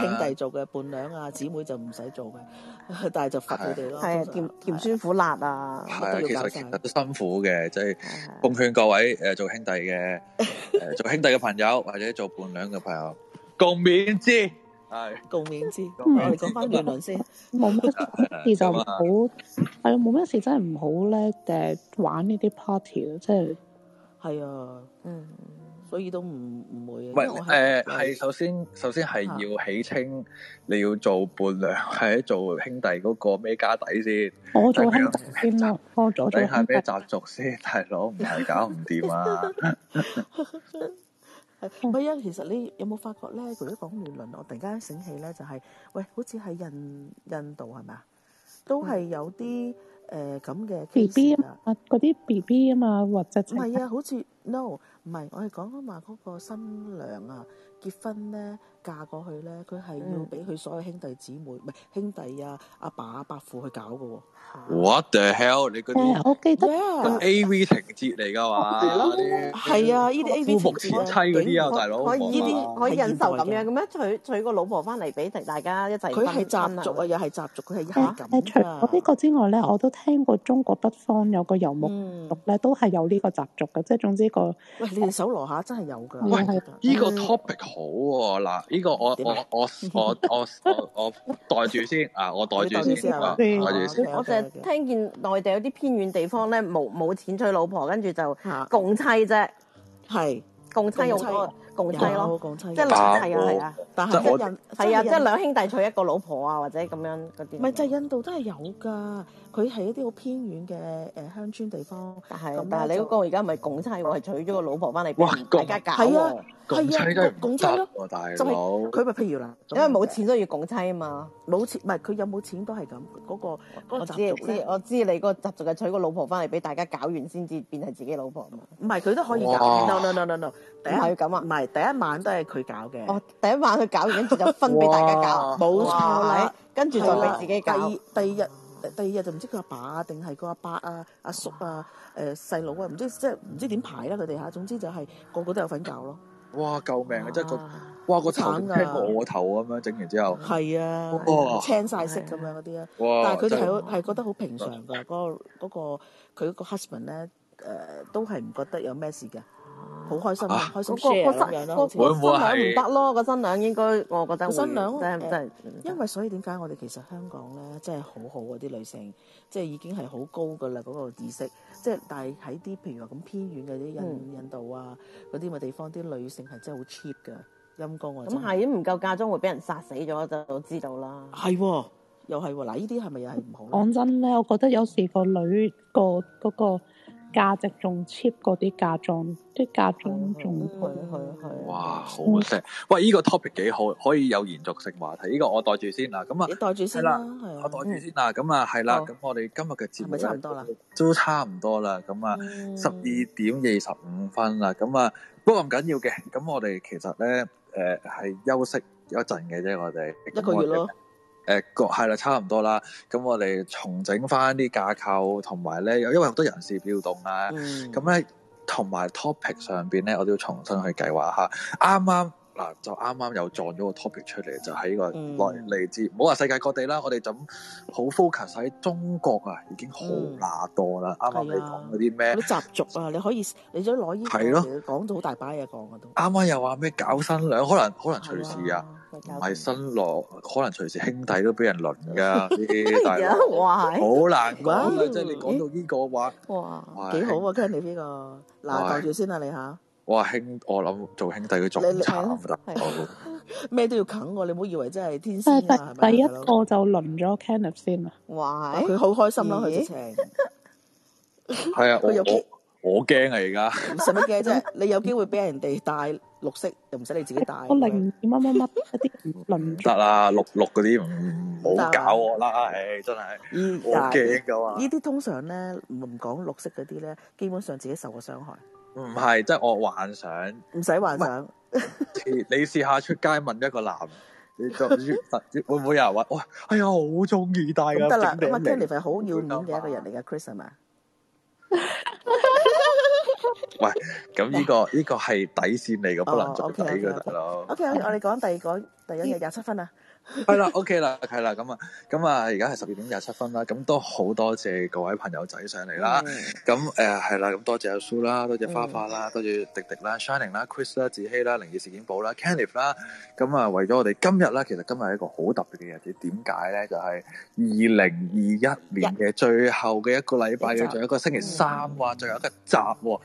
兄弟做嘅伴娘啊，姊妹就唔使做嘅，但係就罰佢哋咯。係啊，甜甜酸苦辣啊，係其實其實都辛苦嘅，即係奉勸各位誒，做兄弟嘅，做兄弟嘅朋友或者做伴娘嘅朋友，共勉之，係共勉之。我哋講翻亂倫先，冇乜事就唔好，係啊，冇乜事真係唔好咧，誒玩呢啲 party 咯，即係係啊，嗯。所以都唔唔會。唔係誒，係首先首先係要起清，你要做伴娘係做兄弟嗰個咩家底先？我做兄弟先啦。我做做下咩習俗先，大佬唔係搞唔掂啊！唔係啊，其實你有冇發覺咧？佢如果講亂倫，我突然間醒起咧，就係喂，好似係印印度係咪啊？都係有啲誒咁嘅 BB 啊，嗰啲 BB 啊嘛，或者唔係啊？好似 no。唔係，我係講緊話嗰個新娘啊，結婚咧。嫁過去咧，佢係要俾佢所有兄弟姊妹，唔係兄弟啊，阿爸阿伯父去搞㗎喎。What the hell？你嗰啲我記得，跟 A V 情節嚟㗎嘛，啲係啊，呢啲 A V 情節嗰啲啊，大佬，以呢啲可以忍受咁樣咁樣娶娶個老婆翻嚟俾大家一齊，佢係習俗啊，又係習俗，佢係嚇。除咗我呢個之外咧，我都聽過中國北方有個遊牧族咧，都係有呢個習俗嘅，即係總之個喂，你哋搜羅下真係有㗎。喂，呢個 topic 好喎嗱。呢個我我我我我我袋住先啊！我袋住先啊！我淨係聽見內地有啲偏遠地方咧，冇冇錢娶老婆，跟住就共妻啫，係共妻用個共妻咯，即係係啊係啊，但係即印係啊，即係兩兄弟娶一個老婆啊，或者咁樣嗰啲，唔係即係印度都係有㗎。佢喺一啲好偏遠嘅誒鄉村地方，但係，但係你嗰個而家唔係共妻喎？係娶咗個老婆翻嚟，大家搞係啊，係啊，共妻都係共妻咯，大佬。佢咪譬如啦，因為冇錢都要共妻啊嘛，冇錢唔係佢有冇錢都係咁嗰個。我知我知，我知你個習俗係娶個老婆翻嚟俾大家搞完先至變係自己老婆啊嘛。唔係佢都可以搞，no no no no no，唔係咁啊，唔係第一晚都係佢搞嘅。哦，第一晚佢搞完就分俾大家搞，冇錯，係跟住就俾自己搞。第二第二日。第二日就唔知佢阿爸定係佢阿伯啊、阿叔啊、誒細佬啊，唔、呃、知即係唔知點排啦佢哋吓。總之就係個個都有瞓覺咯。哇！救命啊，即係個哇個頭劈我頭咁樣整完之後。係啊，哇啊。青晒色咁樣嗰啲啊。些哇但係佢哋係係覺得好平常㗎，嗰哇、嗰個佢、嗰個，個 husband 咧誒、呃、都係唔覺得有咩事㗎。好開心，啊，開心。個個新娘，個新娘唔得咯，個新娘應該我覺得，個新娘真真，因為所以點解我哋其實香港咧，真係好好嗰啲女性，即係已經係好高噶啦，嗰個意識，即係但係喺啲譬如話咁偏遠嘅啲印印度啊嗰啲咁嘅地方，啲女性係真係好 cheap 噶，陰公啊。咁係，唔夠嫁妝會俾人殺死咗，我就知道啦。係，又係嗱，呢啲係咪又係唔好？講真咧，我覺得有時個女個個。價值仲 cheap 嗰啲嫁妝，啲嫁妝仲貴。係啊、嗯嗯、哇，好食！喂，呢、這個 topic 幾好，可以有延續性話題。呢、這個我袋住先，先啦。咁啊，你袋住先、嗯、啦。我袋住先啦。咁啊、哦，係啦。咁我哋今日嘅節目係咪差唔多啦？都差唔多啦。咁啊，十二、嗯、點二十五分啦。咁啊，不過唔緊要嘅。咁我哋其實咧，誒、呃，係休息一陣嘅啫。我哋一個月咯。誒，個係啦，差唔多啦。咁我哋重整翻啲架構，同埋咧，因為好多人事調動啊。咁咧、嗯，同埋 topic 上邊咧，我都要重新去計劃下啱啱。剛剛嗱，就啱啱又撞咗個 topic 出嚟，就喺個來嚟之，唔好話世界各地啦，我哋就咁好 focus 喺中國啊，已經好難多啦。啱啱你講嗰啲咩？啲習俗啊，你可以你想攞呢？係咯，講到好大把嘢講啊。啱啱又話咩搞新娘，可能可能隨時啊，唔係新郎，可能隨時兄弟都俾人輪㗎。係啊，哇係，好難講啦。即係你講到呢個話，哇，幾好啊 Candy 呢個，嗱，住先啊，你嚇。哇兄，我諗做兄弟嘅仲慘得，咩都要啃我，你唔好以為真係天仙。第一個就輪咗 Cannabis 先，哇！佢好開心咯，佢直情係啊！我我驚啊！而家唔使驚啫，你有機會俾人哋戴綠色，又唔使你自己戴。我零乜乜乜一啲零得啦，綠綠嗰啲唔好搞我啦！唉，真係我驚噶嘛！呢啲通常咧唔講綠色嗰啲咧，基本上自己受過傷害。唔係，即係我幻想。唔使幻想，你試下出街問一個男，會唔會有人話，哇，哎呀，好中意戴咁得啦。因為我聽你份好要面嘅一個人嚟嘅，Chris 係咪？喂，咁呢個呢個係底線嚟嘅，不能觸底嘅得啦。OK，我哋講第二個，第一日廿七分啊。係啦，OK 啦，係啦， *laughs* 咁主啊持洲，咁啊，而家係十二點廿七分啦，咁都好多謝各位朋友仔上嚟啦，咁誒係啦，咁多謝阿蘇啦，多謝花花啦，多謝迪迪啦、Shining 啦、Chris 啦、子希啦、靈異事件簿啦、Kenneth 啦，咁啊為咗我哋今日啦，其實今日係一個好特別嘅日子，點解咧？就係二零二一年嘅最後嘅一個禮拜嘅，仲有一個星期三喎，仲有一個集喎，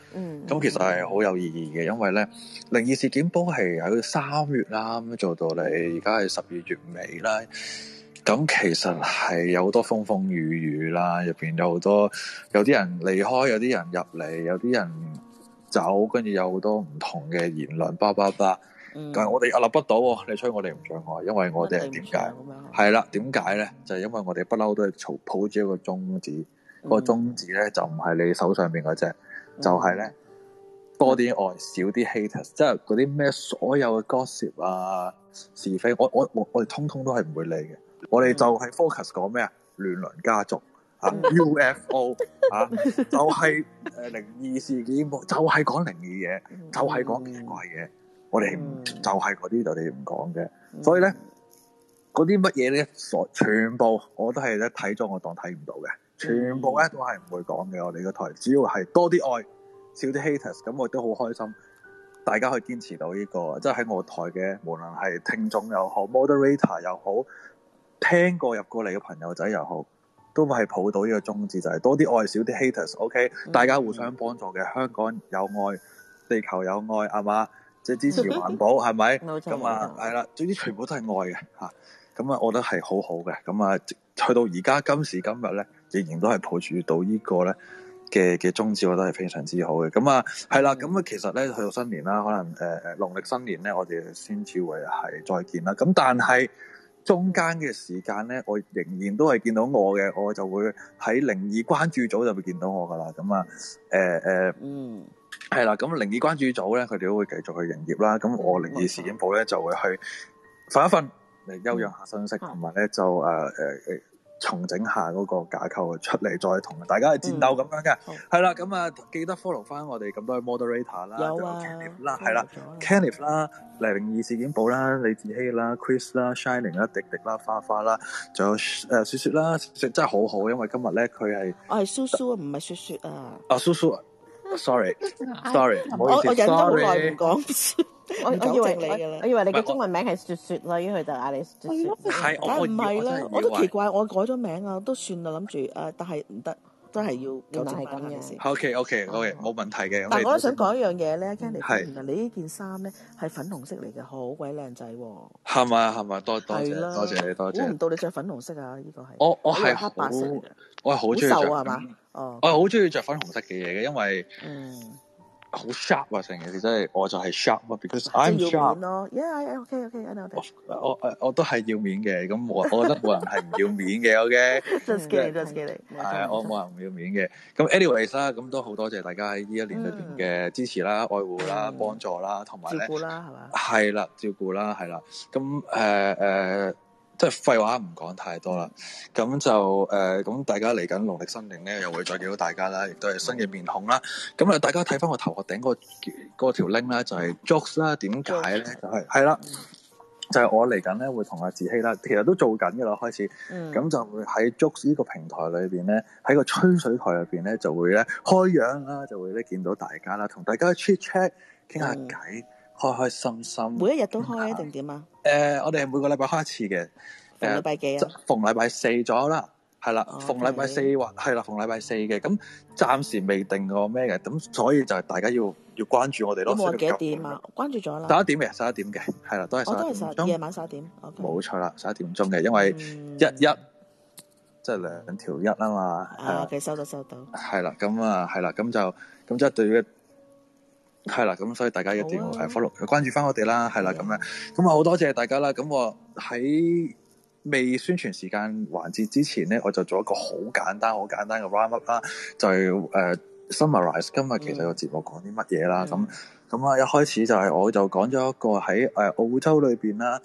咁其實係好有意義嘅，因為咧靈異事件簿係喺三月啦咁做到嚟，而家係十二月。嚟啦，咁其實係有好多風風雨雨啦，入邊有好多有啲人離開，有啲人入嚟，有啲人走，跟住有好多唔同嘅言論，叭叭叭，但係、嗯、我哋屹立不倒，你吹我哋唔脹，因為我哋係點解？係啦，點解咧？就係因為我哋不嬲都係抱抱住一個宗旨，嗯、個宗旨咧就唔係你手上邊嗰隻，嗯、就係咧。多啲愛，少啲 haters，即係嗰啲咩所有嘅 gossip 啊是非，我我我我哋通通都係唔會理嘅，我哋就係 focus 講咩啊，亂倫家族啊 UFO 啊，就係誒靈異事件，就係講靈異嘢，mm hmm. 就係講奇怪嘢，我哋、mm hmm. 就係嗰啲就哋唔講嘅，mm hmm. 所以咧嗰啲乜嘢咧，所全部我都係咧睇咗我當睇唔到嘅，全部咧都係唔會講嘅，我哋個台只要係多啲愛。少啲 haters，咁我都好開心，大家可以堅持到呢個，即係喺我台嘅，無論係聽眾又好，moderator 又好，聽過入過嚟嘅朋友仔又好，都係抱到呢個宗旨，就係多啲愛，少啲 haters。OK，大家互相幫助嘅，香港有愛，地球有愛，啊嘛，即係支持環保，係咪？冇錯。咁啊，係啦，嗯，總之全部都係愛嘅嚇，咁 *laughs* 啊，我覺得係好好嘅，咁啊，去到而家今時今日咧，仍然都係抱住到呢個咧。嘅嘅宗旨，我都係非常之好嘅。咁、嗯、啊，係啦、嗯。咁啊、嗯，其實咧，去到新年啦，可能誒誒、呃、農曆新年咧，我哋先至會係再見啦。咁但係中間嘅時間咧，我仍然都係見到我嘅，我就會喺靈異關注組就會見到我噶啦。咁啊，誒誒，嗯，係、嗯、啦。咁靈異關注組咧，佢哋都會繼續去營業啦。咁我靈異事件簿咧就會去瞓一瞓嚟休養下信息，同埋咧就誒誒誒。呃呃呃呃重整下嗰個架構啊，出嚟再同大家去戰鬥咁樣嘅，係啦、嗯，咁啊記得 follow 翻我哋咁多嘅 moderator 啦，有啊，啦係啦，Kenneth 啦，零零二事件簿啦，李子希啦，Chris 啦，Shining 啦，迪迪啦，花花啦，仲有誒、呃、雪雪啦，雪雪雪真係好好，因為今日咧佢係我係蘇蘇啊，唔係雪雪啊，啊蘇蘇。sorry，sorry，我忍咗好耐唔講，我以為你嘅啦，我以為你嘅中文名係雪雪啦，依佢就嗌你雪雪。係，唔係啦，我都奇怪，我改咗名啊，都算啦，諗住誒，但係唔得，都係要糾正咁嘅事。OK，OK，OK，冇問題嘅。但係我都想講一樣嘢咧，Kelly，原來你呢件衫咧係粉紅色嚟嘅，好鬼靚仔。係咪啊？係咪？多多謝，多謝你，多謝。估唔到你着粉紅色啊？呢個係。我我係黑白色。我係好中意嘛？哦，Okay. 我好中意着粉紅色嘅嘢嘅，因為嗯好 sharp 啊，成件事真係，我就係 sharp 啊，because I'm sharp 咯 yeah，ok，ok，I know，我我我都係要面嘅。咁我 *laughs* 我覺得冇人係唔要面嘅，ok，就 skincare，就 skincare，係啊，我冇人唔要面嘅，咁 anyways 啦 Yeah.，咁都好多謝大家喺呢一年裏邊嘅支持啦、Yeah. 愛護啦、幫助啦，同埋照顧啦係嘛，係啦，照顧啦係啦，咁誒誒。嗯呃即係廢話唔講太多啦，咁就誒，咁、呃、大家嚟緊農曆新年咧，又會再見到大家啦，亦都係新嘅面孔啦。咁啊，大家睇翻我頭殼頂個個條 link 咧，就係 Jokes 啦。點解咧？就係係啦，就係我嚟緊咧，會同阿子希啦，其實都做緊噶啦，開始。咁就會喺 Jokes 呢個平台裏邊咧，喺個吹水台入邊咧，就會咧開樣啦，就會咧見到大家啦，同大家 check check 傾下偈。開開心心，每一日都開定點啊？誒，我哋每個禮拜開一次嘅，逢禮拜幾啊？逢禮拜四左右啦，係啦，逢禮拜四或係啦，逢禮拜四嘅，咁暫時未定過咩嘅，咁所以就係大家要要關注我哋咯。我幾多點啊？關注咗啦，十一點嘅，十一點嘅，係啦，都係十一點，夜晚十一點，冇錯啦，十一點鐘嘅，因為一一即係兩條一啊嘛，啊，其收到收到，係啦，咁啊，係啦，咁就咁即係對嘅。係啦，咁所以大家一定要誒 follow 佢、啊、關注翻我哋啦，係啦，咁樣，咁啊好多謝大家啦。咁我喺未宣傳時間環節之前咧，我就做一個好簡單、好簡單嘅 round up 啦，就係、是、誒、呃、summarize 今日其實個節目講啲乜嘢啦。咁咁啊，一開始就係我就講咗一個喺誒、呃、澳洲裏邊啦。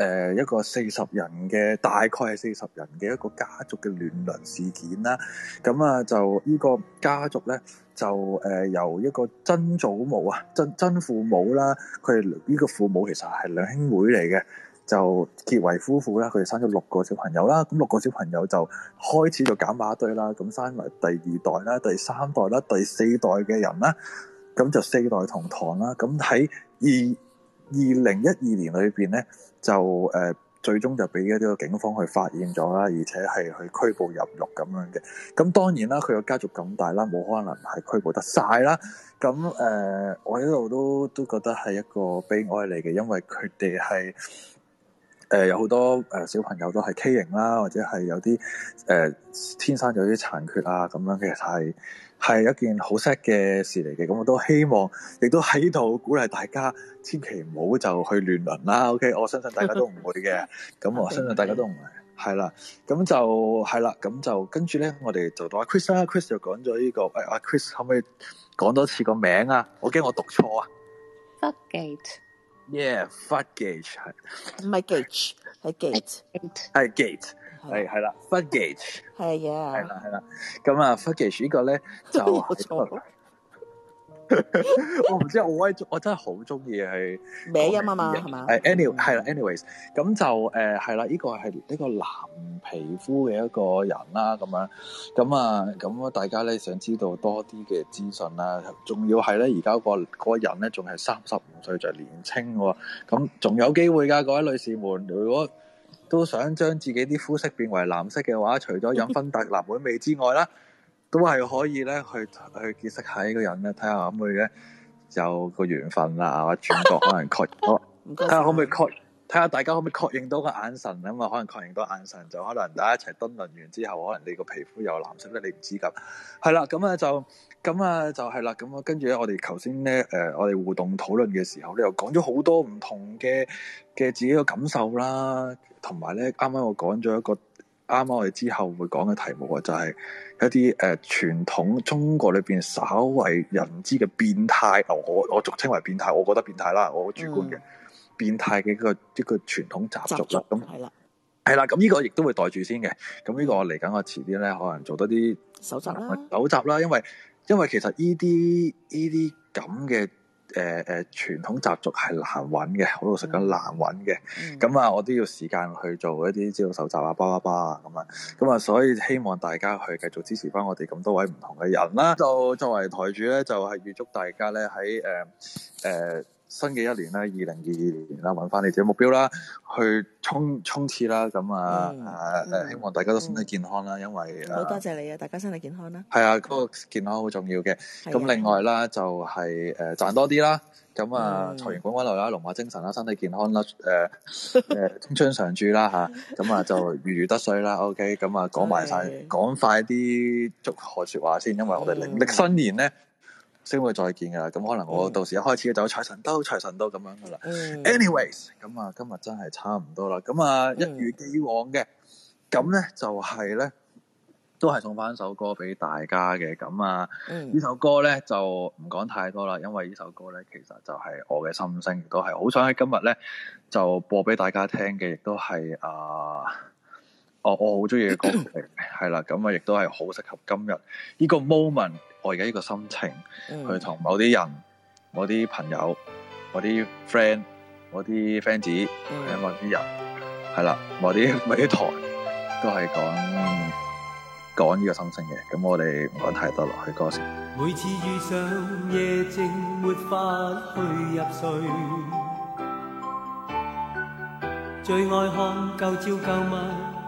誒、呃、一個四十人嘅大概係四十人嘅一個家族嘅亂倫事件啦，咁啊就呢、這個家族咧就誒、呃、由一個曾祖母啊、曾曾父母啦，佢哋呢個父母其實係兩兄妹嚟嘅，就結為夫婦啦，佢哋生咗六個小朋友啦，咁六個小朋友就開始就減碼堆啦，咁生埋第二代啦、第三代啦、第四代嘅人啦，咁就四代同堂啦，咁喺二。二零一二年裏邊咧，就、呃、誒最終就俾呢個警方去發現咗啦，而且係去拘捕入獄咁樣嘅。咁當然啦，佢個家族咁大啦，冇可能係拘捕得晒啦。咁誒、呃，我呢度都都覺得係一個悲哀嚟嘅，因為佢哋係誒有好多誒、呃、小朋友都係畸形啦，或者係有啲誒、呃、天生有啲殘缺啊咁樣嘅係係一件好 sad 嘅事嚟嘅，咁我都希望，亦都喺度鼓勵大家，千祈唔好就去亂倫啦。OK，我相信大家都唔會嘅，咁 *laughs* 我相信大家都唔係。係啦， *laughs* 咁就係啦，咁就跟住咧，我哋就到阿 Chris 啦、 *laughs* 這個哎啊。Chris 又講咗呢個，誒，阿 Chris 可唔可以講多次個名啊？我驚我讀錯啊。Fu ug Gate yeah,。Yeah，Gate。唔係 Gate，係 Gate。係 Gate。係係啦 fudgeage 係啊，係啦係啦，咁啊 fudgeage 呢個咧就我唔知，我我真係好中意，係咩音啊嘛，係嘛？係 *music* anyway 係啦，anyways 咁就誒係啦，呢個係呢個藍皮膚嘅一個人啦，咁樣咁啊咁啊，大家咧想知道多啲嘅資訊啦，仲要係咧而家個嗰人咧仲係三十五歲就年青喎，咁仲有機會噶，各位女士們，如果。都想將自己啲膚色變為藍色嘅話，除咗飲芬達藍莓味之外啦，都係可以咧去去結識下呢個人咧，睇下 *laughs* 可唔可以有個緣分啦啊！轉角可能 cut，睇下可唔可以 c 睇下大家可唔可以確認到個眼神啊嘛，可能確認到眼神就可能大家一齊亂倫完之後，可能你個皮膚又有藍色咧，你唔知㗎。係啦，咁咧就咁啊，就係啦，咁啊，跟住咧，我哋頭先咧誒，我哋互動討論嘅時候咧，又講咗好多唔同嘅嘅自己嘅感受啦，同埋咧啱啱我講咗一個啱啱我哋之後會講嘅題目啊，就係、是、一啲誒、呃、傳統中國裏邊稍為人知嘅變態，我我俗稱為變態，我覺得變態啦，我好主觀嘅。嗯變態嘅一個一個傳統習俗，咁係啦，係啦那，咁呢了個亦都會袋住先嘅。咁呢個我嚟緊我遲啲咧，可能做多啲搜集啦，搜集啦，因為因為其實呢啲呢啲咁嘅誒誒傳統習俗係難揾嘅，好老實講難揾嘅。咁、嗯、啊，我都要時間去做一啲資料搜集啊，巴拉巴，巴啊，咁啊，咁啊，所以希望大家去繼續支持返我哋咁多位唔同嘅人啦、啊。就作為台主咧，就係、是、預祝大家咧喺誒誒。新嘅一年啦，二零二二年啦，揾翻你自己目標啦，去衝衝刺啦，咁啊啊誒，希望大家都身體健康啦，因為好多謝你啊，大家身體健康啦，係啊，嗰個健康好重要嘅。咁另外啦，就係誒賺多啲啦，咁啊財源滾滾來啦，龍馬精神啦，身體健康啦，誒誒青春常駐啦嚇，咁啊就如魚得水啦。OK，咁啊講埋晒，講快啲祝賀説話先，因為我哋農曆新年咧。先會再見噶啦，咁可能我到時一開始就有「財神都」嗯、Anyways, 啊「財神都」咁樣噶啦。Anyways，咁啊今日真係差唔多啦，咁啊一如既往嘅咁咧，就係、是、咧都係送翻首歌俾大家嘅。咁啊呢、嗯、首歌咧就唔講太多啦，因為呢首歌咧其實就係我嘅心聲，亦都係好想喺今日咧就播俾大家聽嘅，亦都係啊。哦，我好中意嘅歌，係啦，咁 *coughs* 啊，亦都係好適合今日呢、這個 moment。我而家呢個心情， *coughs* 去同某啲人、某啲朋友、某啲 friend 某 fans, *coughs* 某、某啲 fans，某啲人，係啦，某啲某啲台，都係講講呢個心情嘅。咁我哋唔講太多，落去歌先。每次遇上夜靜，沒法去入睡，最愛看舊照舊物。久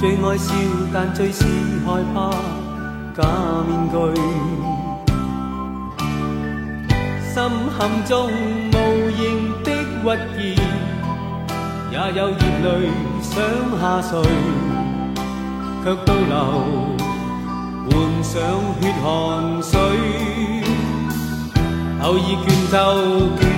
最愛笑，但最是害怕假面具。 *noise* 心坎中無形的鬱結， *noise* 也有熱淚想下垂，卻 *noise* 都流換上血汗水。 *noise* 偶爾倦透倦。